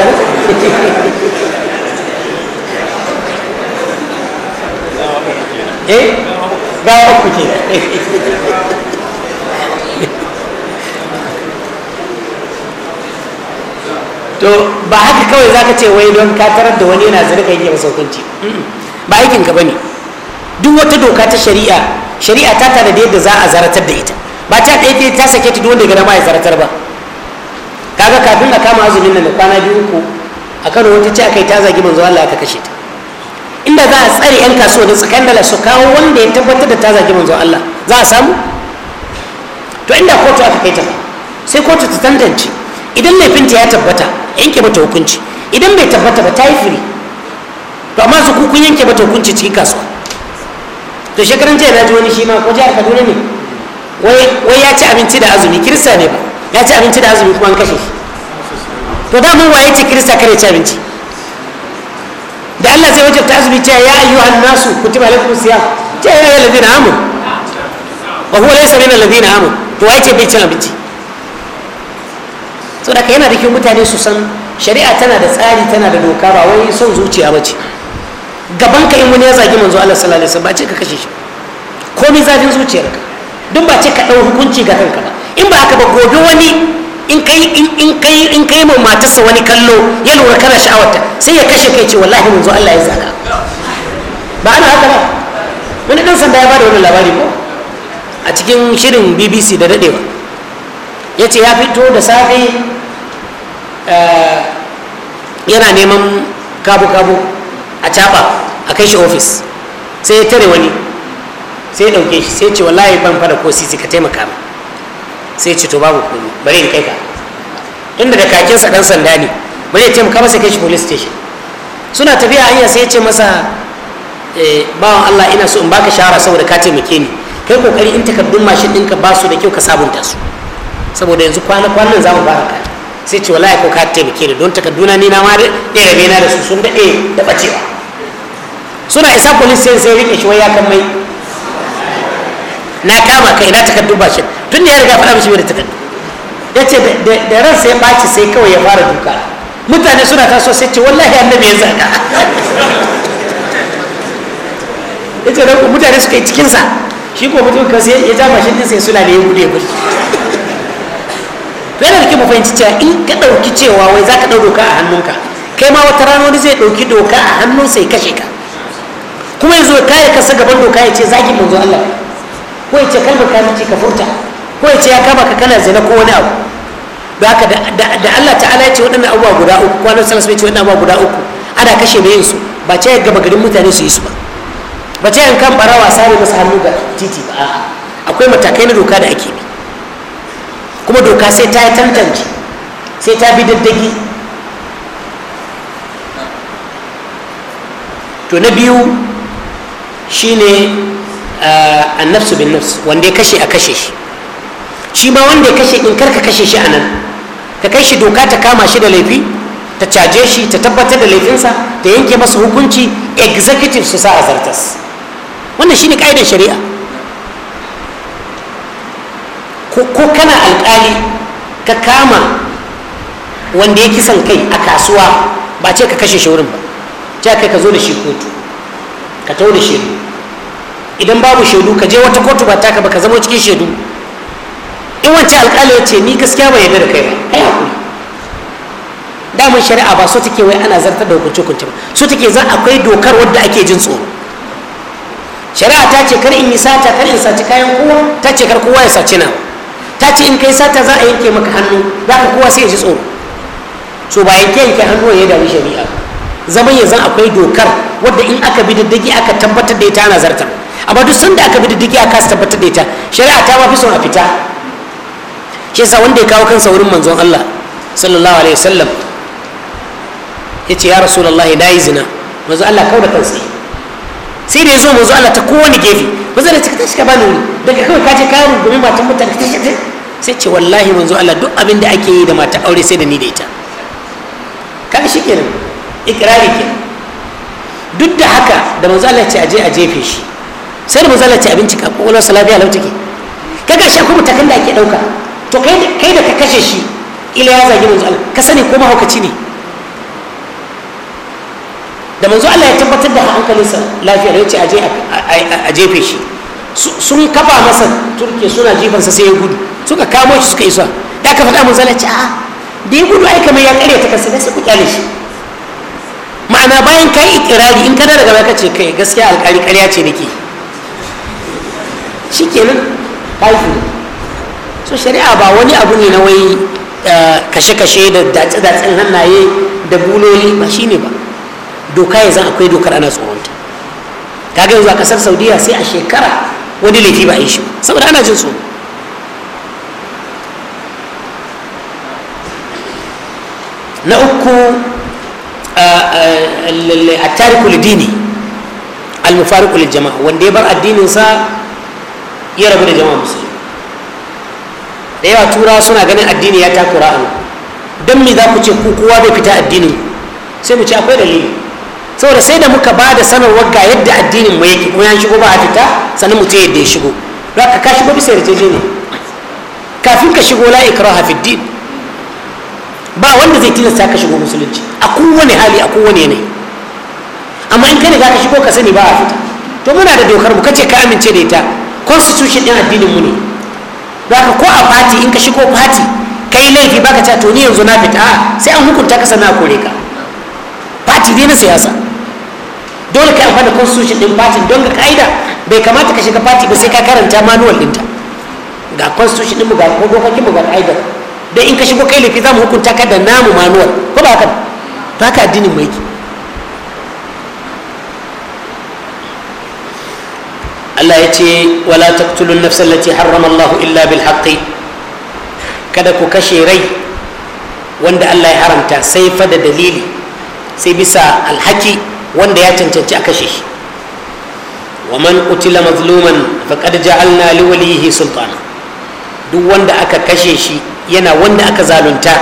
eh to ba haka kawai za ka ce wai don ka tarar da wani yana zira ka yi masa hukunci hmm. ba aikinka ba ne duk wata doka ta shari'a shari'a ta tana da yadda za a zaratar da ita ba ta ɗaya ta sake ta duk wanda gana ma ya zaratar ba kaga kafin a kama azumin nan da kwana biyu ko a kano wata ce aka yi ta zagi manzo Allah ya kashe ta inda za a tsare 'yan kasuwa da tsakanin dala su kawo wanda ya tabbatar da ta zagi manzon Allah za a samu to inda kotu aka kai ta sai kotu ta tantance idan laifinta ya tabbata yanke mata hukunci idan bai tabbata ba ta yi firi to amma su kun yanke mata hukunci cikin kasuwa to shekaran jiya na ji wani shi ma ko jihar kaduna ne wai ya ci abinci da azumi kirista ne ba ya ci abinci da azumi kuma an kashe shi to mun waye ce kirista kare ci abinci da Allah zai wajabta azumi cewa ya an nasu ba alaikum siya ce ya ayyuhal ladina amanu wa huwa laysa min alladhina amanu to wai ce bai cin abinci da ka yana da kyau mutane su san shari'a tana da tsari tana da doka ba wai son zuciya ba ce gaban ka in wani ya zagi manzo Allah sallallahu alaihi wasallam ba ce ka kashe shi komai zafin zuciyarka duk ba ce ka dau hukunci ga kanka ba in ba ka ba gobe wani in kai in kai matarsa wani kallo ya lura kana sha'awarta sai ya kashe kai ce wallahi zo Allah ya zaka ba ana haka ba wani dan sanda ya bada wani labari ko a cikin shirin BBC da dadewa Yace ya fito da safe eh, yana neman kabu kabu a caba a kai shi ofis sai ya tare wani sai ya ɗauke shi sai ya ce wallahi ban fada ko sisi ka taimaka min sai ce to babu kuɗi bari in kai ka tunda da kakinsa dan sanda ne bari ya taimaka masa kai shi police station suna tafiya hanya sai ya ce masa eh, bawan Allah ina so in baka shawara saboda ka taimake ni kai kokari in takardun mashin ɗinka ba su da kyau ka sabunta su saboda yanzu kwana kwanan za mu baka ka sai ce wallahi ko ka taimake ni don takarduna ni na ma ɗaya rabe na da su sun daɗe da bacewa suna isa police sai sai rike shi wai ya kan mai na kama kai na takardun mashin. tun da ya riga faɗa mishi bai da takardu ya ce da ransa ya ɓaci sai kawai ya fara duka mutane suna taso sai ce wallahi annabi ya zaga ya ce da mutane suka yi cikinsa shi ko mutum sai ya ja mashin sai suna da ya gudu ya gudu to yana da kyau mu fahimci cewa in ka ɗauki cewa wai za ka ɗau doka a hannunka kai ma wata rana wani zai ɗauki doka a hannun sai kashe ka kuma ya zo kare kasa gaban doka ya ce zagin manzo Allah ko ya ce kalmar kamici ka furta ko ya ce ya kama ka kana zina ko wani abu da haka da Allah ta'ala ya ce waɗannan abubuwa guda uku ko annabi sallallahu alaihi ya ce waɗannan abubuwa guda uku ana kashe mai yin su ba ce gaba garin mutane su yi su ba ba ce an kan barawa ne masu hannu ga titi ba a'a akwai matakai na doka da ake bi kuma doka sai ta yi tantance sai ta bi daddagi to na biyu shine eh, annafsu bin nafs wanda ya kashe a kashe shi shi ma wanda ya kashe in kar ka kashe shi a nan ka kai shi doka ta kama shi da laifi ta caje shi ta tabbatar da laifinsa ta yanke masa hukunci executive su sa a zartas wannan shine ka'idar shari'a ko kana alkali ka kama wanda ya kisan kai a kasuwa ba ce ka kashe shi ba ce kai ka zo da shi kotu ka tau da shaidu idan babu shaidu ka je wata kotu ba taka ba ka zama cikin shaidu in wancan alƙali ce ni gaskiya bai yadda da kai ba damar shari'a ba so take wai ana zartar da hukunci hukunci ba so take zan akwai dokar wadda ake jin tsoro shari'a ta ce kar in yi sata kar in saci kayan kowa ta ce kar kowa ya saci na ta ce in kai sata za a yanke maka hannu za ka kowa sai ya ji tsoro so ba yanke yanke hannu ya dami shari'a zaman yanzu akwai dokar wadda in aka bi diddigi aka tabbatar da ita ana zartar amma duk sanda aka bi diddigi aka tabbatar da ita shari'a ta ma fi son a fita shi yasa wanda ya kawo kansa wurin manzon Allah sallallahu alaihi wasallam ya ce ya rasulullahi ya yi zina manzon Allah kawo da kansa sai da ya zo manzon Allah ta kowane gefe manzon Allah ta tashi ka bani wuri daga kawai ka je kayan rungumi matan mutane ka tashi sai ce wallahi manzon Allah duk abin da ake yi da mata aure sai da ni da ita ka shi kenan ikirari ke duk da haka da manzo Allah ce aje a jefe shi sai da manzo Allah ce abinci ka kokolwar salafiya lau take kaga shi akwai mutakan da ake dauka to kai da ka kashe shi ila ya zagi manzo Allah ka sani ko mahaukaci ne da manzo Allah ya tabbatar da hankalinsa lafiya da yace aje a jefe shi sun kafa masa turke suna jifansa sai ya gudu suka kamo shi suka isa da aka faɗa manzo Allah ce a da ya gudu ai kamar ya kare ta kansa sai ku kyale shi ma'ana bayan kai ikirari in kana daga baka ce kai gaskiya alƙali ƙarya ce nake shikenan kafiri so shari'a ba wani abu ne na wai eh, kashe-kashe da datse-datsen hannaye da buloli ba shi ne ba doka ya zan akwai dokar ana tsoronta kaga yanzu a kasar saudiya sai a shekara wani laifi ba yi shi saboda ana jin tsoro na uku eh, eh, a tarikul dini al-mufarikul jama'a wanda ya bar addininsa ya rabu da jama'a musulmi da yawa turawa suna ganin addini ya takura a don me za ku ce ku kowa bai fita addinin sai mu ce akwai dalili saboda sai da muka ba da sanarwar ga yadda addinin mu yake kuma ya shigo ba a fita sannan mutum yadda ya shigo za ka shigo bisa yarjejeniya kafin ka shigo la ikraha fi din ba wanda zai tilasta ka shigo musulunci a kowane hali a kowane yanayi amma in ka za ka shigo ka sani ba a fita to muna da dokar mu kace ka amince da ita constitution din addinin mu ne za ko a fati in ka shigo fati ka yi laifi baka ce to ni yanzu na fita a sai an hukunta ka sana kore ka fati dai na siyasa dole ka amfani da constitution din fati don ga ka'ida bai kamata ka shiga fati ba sai ka karanta manual ɗinta ga constitution din mu ga ko dokoki mu ga kaida don in ka shigo kai laifi za mu hukunta ka da namu manual ko ba haka ba ka addinin mu yake Allah ya ce wala taqtulun nafsal lati harrama Allah illa bil haqqi kada ku kashe rai wanda Allah ya haramta sai fa da dalili sai bisa alhaki wanda ya cancanci a kashe shi wa man qutila mazluman faqad ja'alna li walihi sultana duk wanda aka kashe shi yana wanda aka zalunta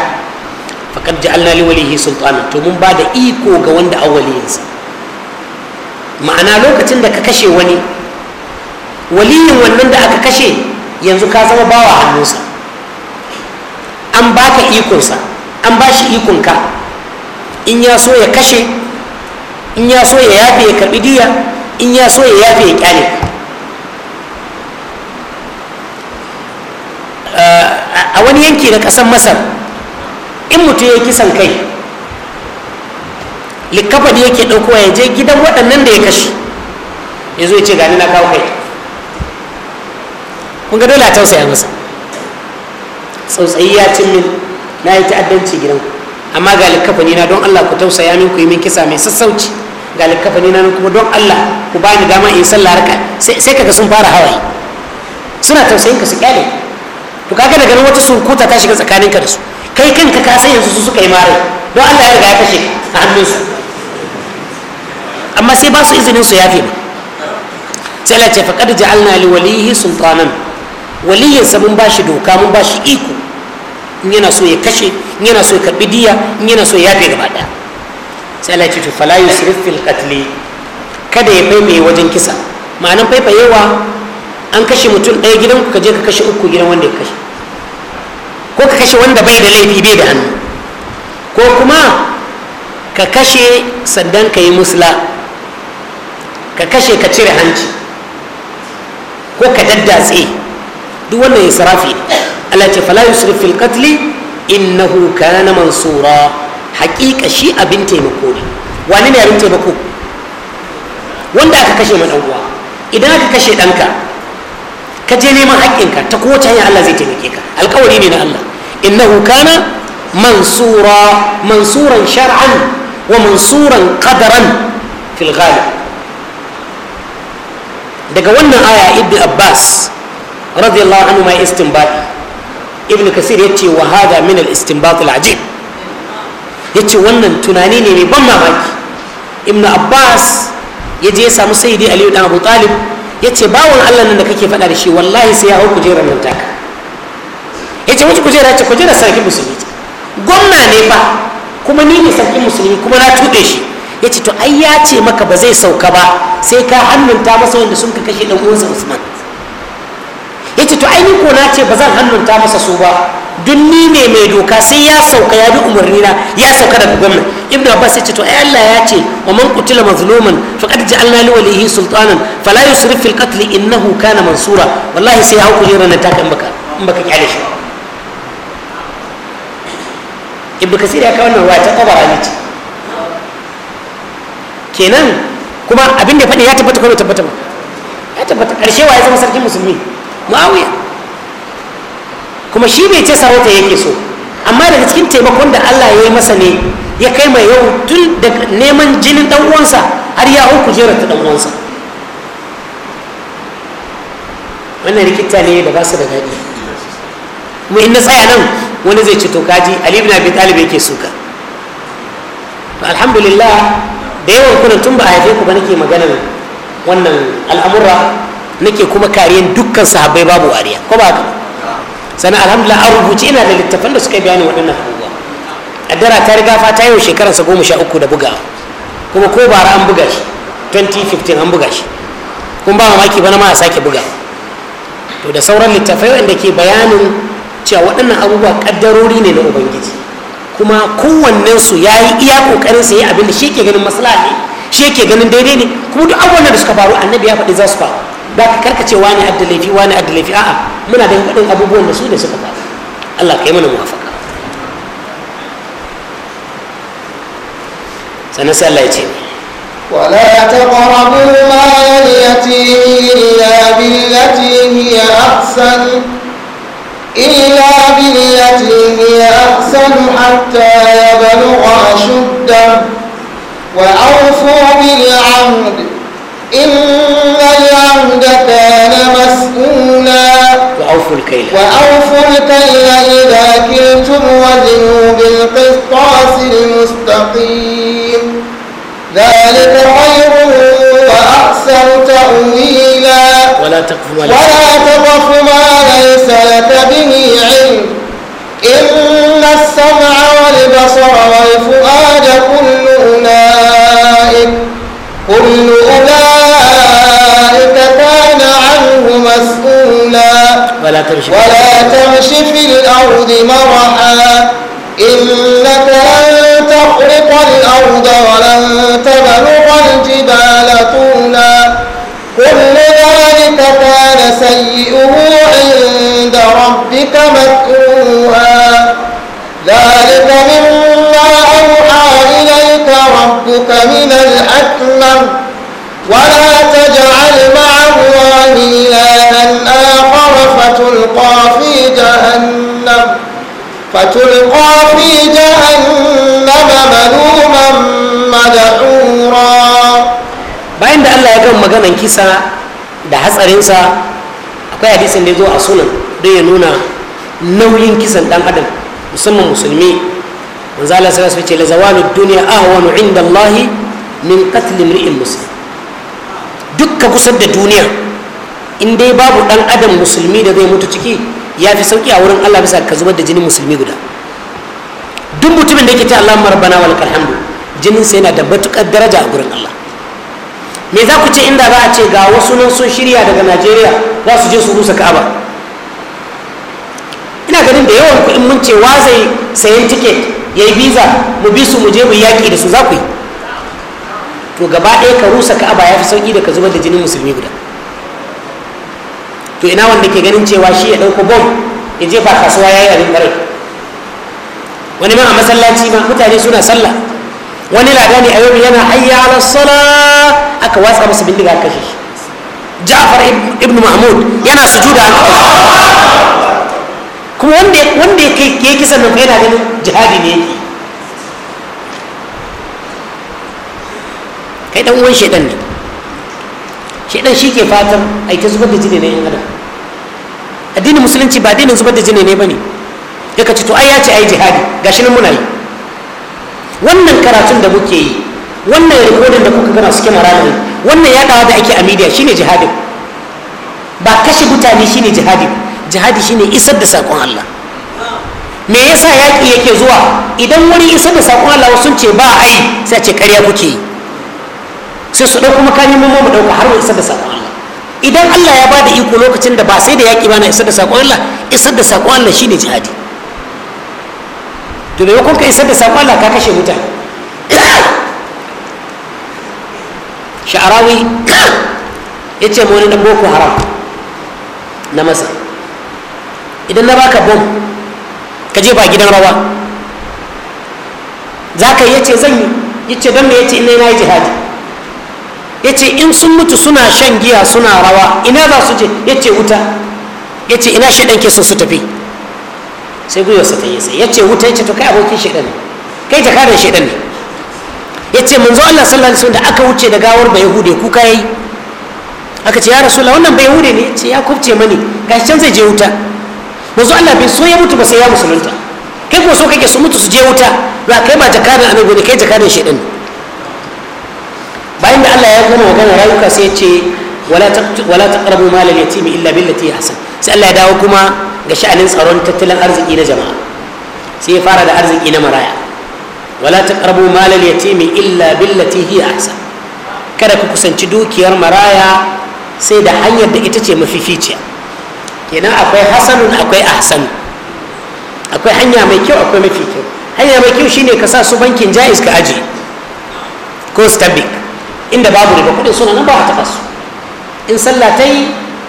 faqad ja'alna li walihi sultana to mun ba da iko ga wanda awwaliyinsa ma'ana lokacin da ka kashe wani waliyin wannan da aka kashe yanzu ka zama bawa hannunsa an ba ka ikonsa an ba shi ikonka in ya so ya kashe in ya so ya yafe ya karbi diya in ya so ya yafe ya kyale a wani yanki na kasan masar in mutum ya kisan kai likafa da yake ɗaukowa ya je gidan waɗannan da ya kashe ya zo ya ce gani na kawo kai kun ga dole a tausaya masa tsautsayi ya cin min na yi ta'addanci gidan amma ga likafa na don Allah ku tausaya min ku yi min kisa mai sassauci ga likafani na kuma don Allah ku ba ni dama in sallah harka sai kaga sun fara hawaye suna tausayin ka su kyale to kaga daga nan wata surkuta ta shiga tsakaninka da su kai kanka ka san yanzu su suka yi mare don Allah ya riga ya kashe a hannun su amma sai ba su izinin su yafe ba sai Allah ce faqad ja'alna li walihi sultanan waliyinsa mun ba shi doka mun ba shi iko in yana so ya kashe in yana so ya karbi diya in yana so ya yafe gaba daya sai Allah ya ce to fala yusrif fil qatl kada ya faifaye wajen kisa ma'anan faifayewa an kashe mutum ɗaya gidan ka je ka kashe uku gidan wanda ya kashe ko ka kashe wanda bai da laifi bai da hannu ko kuma ka kashe sandan ka yi musla ka kashe ka cire hanci ko ka daddatse duk wannan israfi Allah ce fala yusrif fil qatli innahu kana mansura haƙiƙa shi abin taimako ne wani ne abin taimako wanda aka kashe ma uwa idan aka kashe ɗanka ka je neman haƙƙinka ta kowace hanya Allah zai taimake ka alƙawari ne na Allah innahu kana mansura mansuran shar'an wa mansuran qadaran fil ghalib daga wannan aya ibn abbas radiyallahu anhu mai istinbati ibn kasir ya ce wa hada min dan abu talib nan da kake faɗa da shi wallahi sai ya hau ya ce wace kujera ce kujerar sarkin musulmi gwamna ne ba kuma ni ne sarkin musulmi kuma na tuɗe shi yace ce ai ya ce maka ba zai sauka ba sai ka hannunta masa wanda sun ka kashe ɗan uwansa ya ce to ainihin ko na ce ba zan hannunta masa su ba duk ni ne mai doka sai ya sauka ya bi umarni na ya sauka daga gwamnati abbas ya ce to ai Allah ya ce wa man qutila mazluman ja'alna li walihi sultanan fala yusrif fil qatl innahu kana mansura wallahi sai ya taka in baka in baka kyale shi kasir ya kawo wannan ruwa ce kenan kuma abin da faɗi ya tabbata ko bai tabbata ba ya tabbata ƙarshe wa ya zama sarkin musulmi muawiya kuma shi bai ce sarauta yake so amma daga cikin taimakon da allah ya yi masa ne ya kai mai yau tun da neman jinin dan uwansa har ya hau kujerar ta dan uwansa wannan rikita ne da ba su da daɗi mu in na tsaya nan wani zai ci to kaji ali ibn abi talib yake suka alhamdulillah da yawan kuna tun ba a haife ku ba nake magana wannan al'amura nake kuma kariyan dukkan sahabbai babu ariya ko ba haka sannan alhamdulillah an rubuce ina da littafan da suka yi bayani waɗannan abubuwa addara ta riga fata yau shekararsa goma sha uku da buga kuma ko bara an buga shi 2015 an buga shi kun ba mamaki bana ma a sake buga to da sauran littafai wanda ke bayanin cewa waɗannan abubuwa ƙaddarori ne na ubangiji kuma kowannen su ya yi iya ƙoƙarin sa yi abin da shi ke ganin maslaha ne shi ke ganin daidai ne kuma duk abubuwan da suka faru annabi ya faɗi za su faru baka ka karkace wani adda laifi wani adda laifi a'a muna da faɗin abubuwan da su ne suka faru Allah kai mana muwafaka sanan sai Allah ya ce ولا تقربوا مال اليتيم إلا بالتي هي أحسن إلا بالتي هي أحسن حتى يبلغ أشده وأوفوا بالعهد إن داود كان مسؤولا وأوفوا الكيل وأوفوا الكيل إذا كلتم وزنوا بالقسطاس المستقيم ذلك خير وأحسن تأويلا ولا تقف ما ليس لك به علم إن السمع والبصر والفؤاد كل ولا تمش ولا تمش في الأرض مرحا إنك لن تخرق الأرض ولن تبلغ الجبال طولا كل ذلك كان سيئه عند ربك مكروها ذلك مما أوحى إليك ربك من الحكمة ولا تجعل مع الله إلها آخر فتلقى في جهنم فتلقى في جهنم ملوما مدحورا bayan da Allah ya gama maganan kisa da hatsarinsa akwai hadisin da ya zo a sunan don ya nuna nauyin kisan dan adam musamman musulmi manzo Allah sai ce la zawalu dunya ahwanu inda Allah min qatl imri'in muslim dukka kusa da duniya in dai babu dan adam musulmi da zai mutu ciki ya fi sauki a wurin Allah bisa ka zubar da jinin musulmi guda duk mutumin da ke ta allah rabbana wa lakal hamdu jinin sa yana da matukar daraja a gurin Allah me za ku ce inda za a ce ga wasu nan sun shirya daga Najeriya za su je su rusa Ka'aba ina ganin da yawan kuɗin mun ce wa zai sayan tiket yayi biza mu bi su mu je mu yaki da su za ku yi to gaba ɗaya ka rusa Ka'aba ya fi sauki da ka zubar da jinin musulmi guda to ina wanda ke ganin cewa shi ya ɗauko bom ya jefa kasuwa ya yi abin ɓarai wani ma a masallaci ma mutane suna sallah wani lada ne a yau yana ayya ala sala aka watsa masa bindiga kashe ja'far ibn mahmud yana su juda kuma wanda ya ke kisan nan yana ganin jihadi ne yake kai dan uwan shaidan ne shedan shi ke fatan a ta zubar da jini ne yan adam addinin musulunci ba addinin zubar da jini ne ba ne ya ka to ai ya ce ai jihadi gashi nan muna yi wannan karatun da muke yi wannan rikodin da kuka gana suke mara ne wannan yaɗawa da ake a media shine jihadi ba kashe mutane shine jihadi jihadi shine isar da saƙon Allah me yasa yaƙi yake zuwa idan wani isar da saƙon Allah sun ce ba a yi sai ce karya kuke yi sai su ɗauko makami mu mu ɗauka har mu isar da saƙon Allah idan Allah ya bada iko lokacin da ba sai da yaƙi ba na isar da saƙon Allah isar da saƙon Allah shine jihadi to da kun ka isar da saƙon Allah ka kashe mutane sha'arawi ya ce wani na boko haram na masa idan na baka bom ka je ba gidan rawa za ka yi ya ce zan yi ya ce don me ya ce ina yi jihadi ya ce in sun mutu suna shan giya suna rawa ina za su je ya ce wuta ya ce ina shaɗan ke so su tafi sai gwiwarsa ta yi sai ya ce wuta ya ce to kai abokin shaɗan ne kai jakadan shaɗan ne ya ce manzo Allah sallallahu alaihi wasallam da aka wuce da gawar bai hude ku kai aka ce ya rasulullah wannan bai hude ne ce ya kubce mani gashi can zai je wuta manzo Allah bai so ya mutu ba sai ya musulunta kai ko so kake su mutu su je wuta ba kai ba jakadan annabi ne kai jakadan shaɗan ne Allah ya gama magana rayuka sai ce wala taqrabu mal al-yatim illa billati ahsan sai Allah ya dawo kuma ga sha'anin tsaron tattalin arziki na jama'a sai ya fara da arziki na maraya wala taqrabu mal al-yatim illa billati hiya ahsan kada ku kusanci dukiyar maraya sai da hanyar da ita ce mafificiya kenan akwai hasanun akwai ahsan akwai hanya mai kyau akwai mafi kyau hanya mai kyau shine ka sa su bankin jaiz ka aji ko stabik inda babu riba kudin suna nan ba a taɓa su in sallah ta yi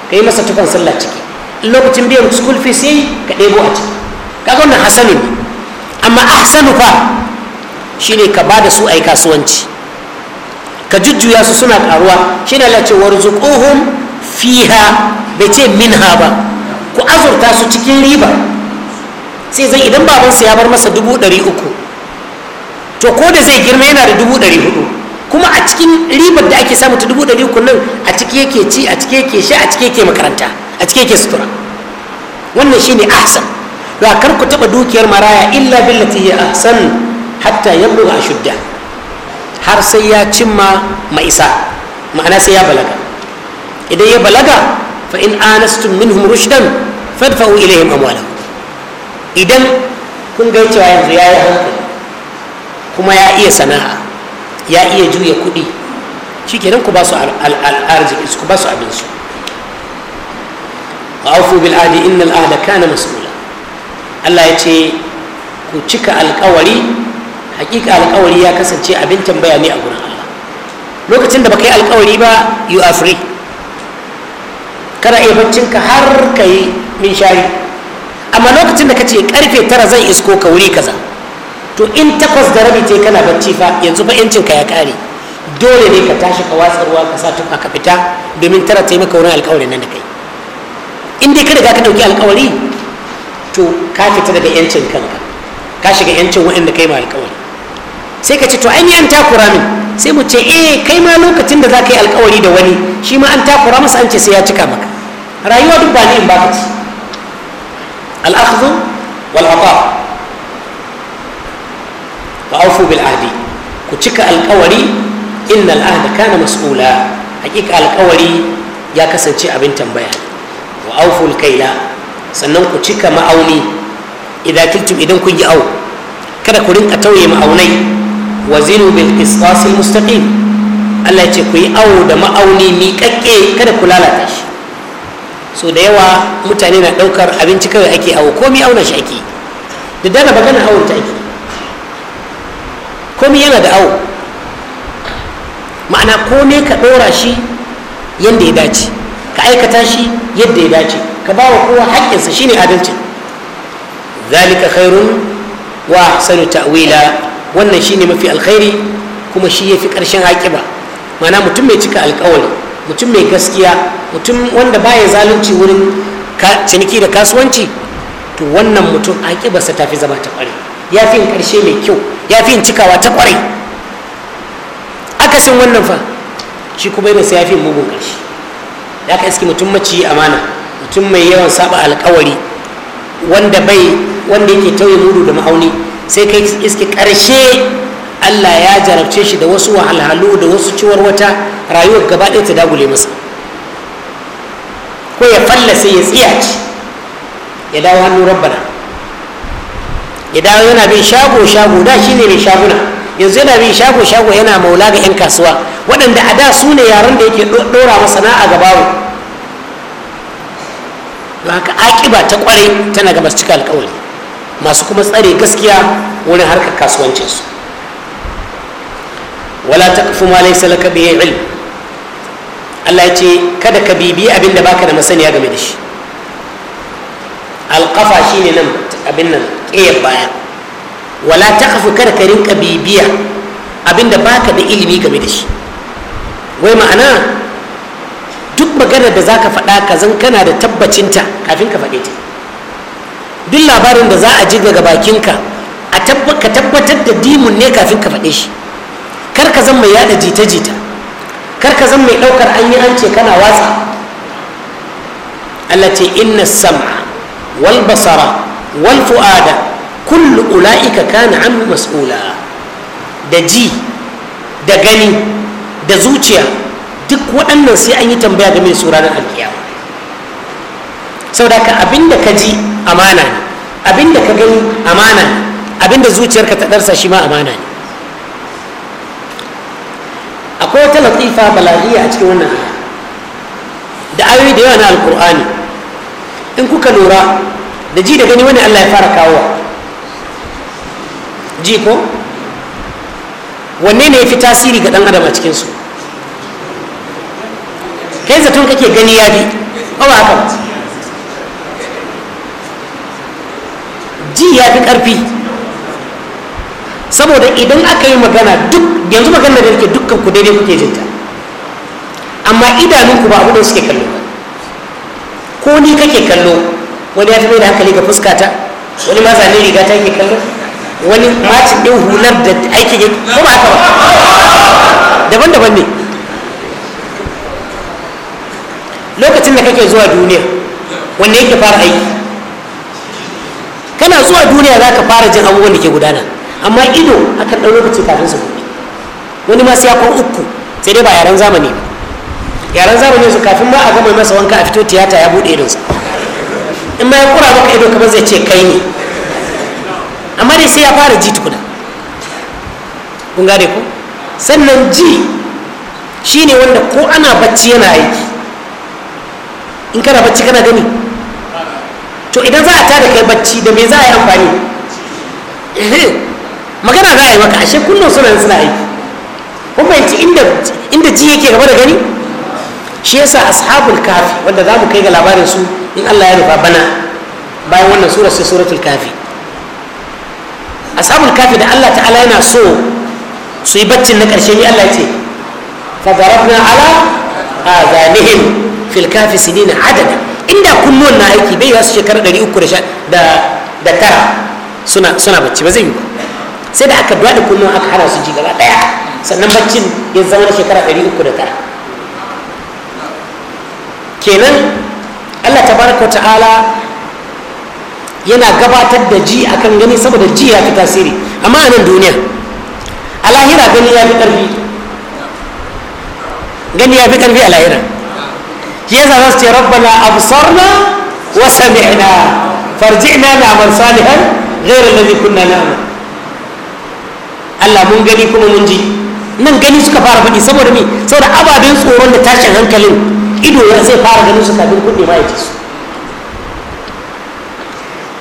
ka yi masa tufan sallah ciki lokacin biyan school fees yi ka ɗebo a ciki kaga wannan hasanu ne amma ahsanu fa shine ka ba da su a yi kasuwanci ka jujjuya su suna karuwa shine Allah ce warzuquhum fiha bai ce minha ba ku azurta su cikin riba sai zai idan babansa ya bar masa dubu ɗari uku to ko da zai girma yana da dubu ɗari hudu kuma a cikin ribar da ake samu ta dubu ɗari uku nan a ciki yake ci a ciki yake sha a ciki yake makaranta a ciki yake sutura wannan shine ahsan da kar ku taɓa dukiyar maraya illa billati ya ahsan hatta yabluga ashudda har sai ya cimma ma'isa ma'ana sai ya balaga idan ya balaga fa in anastum minhum rushdan fadfa'u ilayhim amwalahum idan kun ga cewa yanzu ya yi hankali kuma ya iya sana'a ya iya juya kuɗi shikenan ku ba su arziki ku ba su abinsu wa aufu bil ahdi innal ahda kana mas'ula Allah ya ce ku cika alkawari hakika alkawari ya kasance abin tambaya ne a gurin Allah lokacin da baka yi alkawari ba you are free kana iya baccinka har ka yi min shari amma lokacin da ka ce karfe tara zan isko ka wuri kaza to in takwas da rabi ce kana bacci fa yanzu fa yancinka ya kare dole ne ka tashi ka watsa ruwa ka sa tun aka fita domin tara ta maka wurin alkawarin nan da kai in dai ka riga ka ɗauki alkawari to ka fita daga yancin kanka ka shiga yancin waɗanda kai ma alkawari sai ka ce to an yi an takura min sai mu ce eh kai ma lokacin da za ka yi alkawari da wani shi ma an takura masa an ce sai ya cika maka rayuwa duk ba ni in baka ci al'akhdhu wal ata wa aufu bil ahdi ku cika alkawari innal ahda kana mas'ula hakika alkawari ya kasance abin tambaya wa aufu kaila sannan ku cika ma'auni idan kiltum idan kun yi au kada ku rinka tauye ma'aunai wa zinu bil qisas al mustaqim Allah ce ku yi au da ma'auni miƙaƙƙe kada ku lalata shi so da yawa mutane na ɗaukar abinci kawai ake awo ko mi auna shi ake da dana magana awon ta ake komai yana da awo ma'ana komai ka ɗora shi yadda ya dace ka aikata shi yadda ya dace ka ba wa kowa haƙƙinsa shine adalcin zalika khairun wa sanu ta'wila wannan shine mafi alkhairi kuma shi yafi ƙarshen haƙiba ma'ana mutum mai cika alƙawari mutum mai gaskiya mutum wanda baya zalunci wurin ciniki da kasuwanci to wannan mutum haƙibarsa ta fi zama ta ƙware ya fi ƙarshe mai kyau ya fi cikawa ta kwarai akasin wannan fa shi kuma irin sai ya fi mugun ƙarshe ya ka iski mutum yi amana mutum mai yawan saba alkawari wanda bai wanda yake tauye mudu da ma'auni sai kai iske ƙarshe allah ya jarabce shi da wasu wahalhalu da wasu ciwar wata rayuwar gaba ɗaya ta dagule masa ko ya fallasa ya tsiyaci ya dawo hannu rabbana ya yana bin shago shago da ne mai shaguna yanzu yana bin shago shago yana maula ga 'yan kasuwa waɗanda a da su ne yaran da yake ɗora masa sana'a ga bawo haka ta kwarai tana ga masu cika alkawari masu kuma tsare gaskiya wurin harkar kasuwancinsu wala taqfu ma laysa laka bihi ilm Allah ya ce kada ka bibi abinda baka da masaniya game da shi alƙafa shine nan abin nan ƙiyar baya wala ta kafi kada ka rinka bibiya abinda baka da ilimi game da shi wai ma'ana duk maganar da za ka faɗa ka zan kana da tabbacinta kafin ka faɗe ta duk labarin da za a ji daga bakinka ka tabbatar da dimun ne kafin ka faɗe shi kar ka zan mai yada jita-jita kar ka zan mai ɗaukar an yi an ce kana watsa Allah ce inna sam'a wal basara wal fu'ada kullu ula'ika kana an mas'ula da ji da gani da zuciya duk waɗannan sai an yi tambaya game da su ranar alkiyama saboda ka abinda ka ji amana ne abinda ka gani amana ne abinda zuciyarka ta ɗarsa shi ma amana ne akwai wata latifa balaliya a cikin wannan aya da ayoyi da yawa na alkur'ani in kuka lura da ji da gani wani Allah ya fara kawo ji ko wanne ne ya fi tasiri ga dan adam a cikinsu kai zaton kake gani ya bi awa haka ji ya fi ƙarfi saboda idan aka yi magana duk yanzu magana da yake dukkan ku daidai kuke jinta amma idanunku ba abu da suke kallo ko ni kake kallo wani ya taɓa da hankali ga fuskata wani ma zane riga ta ke kallon wani macin ɗin hular da aiki ne ko ba haka ba daban-daban ne lokacin da kake zuwa duniya wanda yake fara aiki kana zuwa duniya za ka fara jin abubuwan da ke gudana amma ido akan ɗan lokaci kafin su buɗe wani ma sai ya uku sai dai ba yaren zamani ba yaren zamani su kafin ma a gama masa wanka a fito tiyata ya buɗe idonsa in ma ya kura maka ido kamar zai ce kai ne amma dai sai ya fara ji tukuna kun gane ku sannan ji shine wanda ko ana bacci yana aiki in kana bacci kana gani to idan za a tada kai bacci da me za a yi amfani magana za a yi maka ashe kullum suna suna aiki kun fahimci inda ji yake gaba da gani shi yasa ashabul kafi wanda za mu kai ga labarin su in Allah ya rufa bana bayan wannan sura sai suratul kafi ashabul kafi da Allah ta'ala yana so su yi baccin na ƙarshe ni Allah ce fa darabna ala azanihim fil kafi sinina adada inda kunnuwan na aiki bai wasu shekara 300 da tara suna suna bacci ba zai yi ba sai da aka duwada kunnuwan aka hana su ji gaba daya sannan baccin ya zama shekara da shekara kenan Allah tabaraka ta'ala yana gabatar da ji akan gani saboda ji ya fi tasiri amma a nan duniya a lahira gani ya fi ƙarfi gani ya fi ƙarfi a lahira shi yasa za su ce rabbana absarna wa sami'na farji'na na'mal salihan ghayra alladhi kunna na'mal Allah mun gani kuma mun ji nan gani suka fara faɗi saboda me saboda ababen tsoron da tashin hankalin ido ya zai fara ganin su kafin kunne ma ya ji su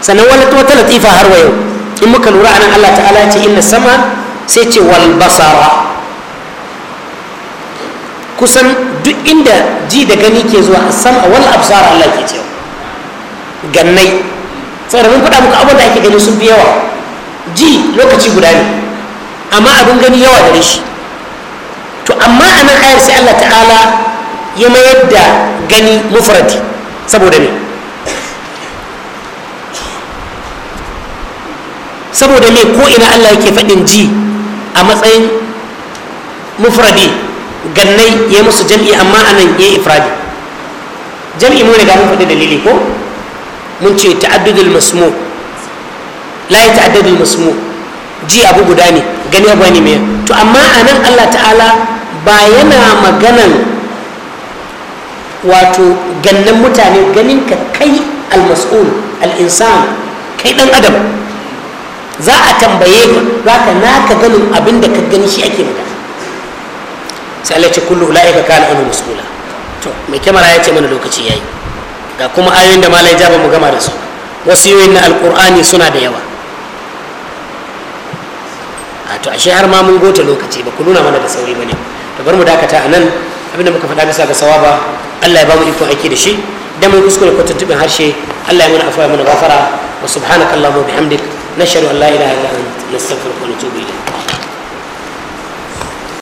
sannan wani wata latifa har wa yau in muka lura anan Allah ta'ala ya ce inna sama sai ce wal basara kusan duk inda ji da gani ke zuwa a sama wal absara Allah ke cewa gannai saboda mun faɗa muku abin da ake gani sun fi yawa ji lokaci guda ne amma abin gani yawa gare shi to amma a nan ayar sai Allah ta'ala ya mayar da gani mufradi saboda me saboda me ko ina Allah yake faɗin ji a matsayin mufradi gannai ya musu jam'i amma anan ya yi ifradi jam'i mu ne ga faɗi dalili ko mun ce ta'addudul masmu la ya ta'addudul masmu ji abu guda ne gani abu ne mai to amma anan Allah ta'ala ba yana maganan wato gannan mutane ganin ka kai almas'ul al'insan kai ɗan adam za a tambaye ka za ka naka ganin abin da ka gani shi ake magana sai Allah ya ce kullu ulaika kana anu to mai kyamara ya ce mana lokaci yayi ga kuma ayoyin da malai jaba mu gama da su wasu yoyin na alqur'ani suna da yawa a to ashe har ma mun gota lokaci ba ku nuna mana da sauri bane to bar mu dakata a anan abinda muka faɗa bisa ga sawaba Allah ya ba mu ikon aiki da shi idan mun kuskure ko tuntuɓin harshe Allah ya mana afuwa mana gafara wa subhanakallahumma bihamdik nashhadu an la ilaha illa anta nastaghfiruka wa natubu ilayk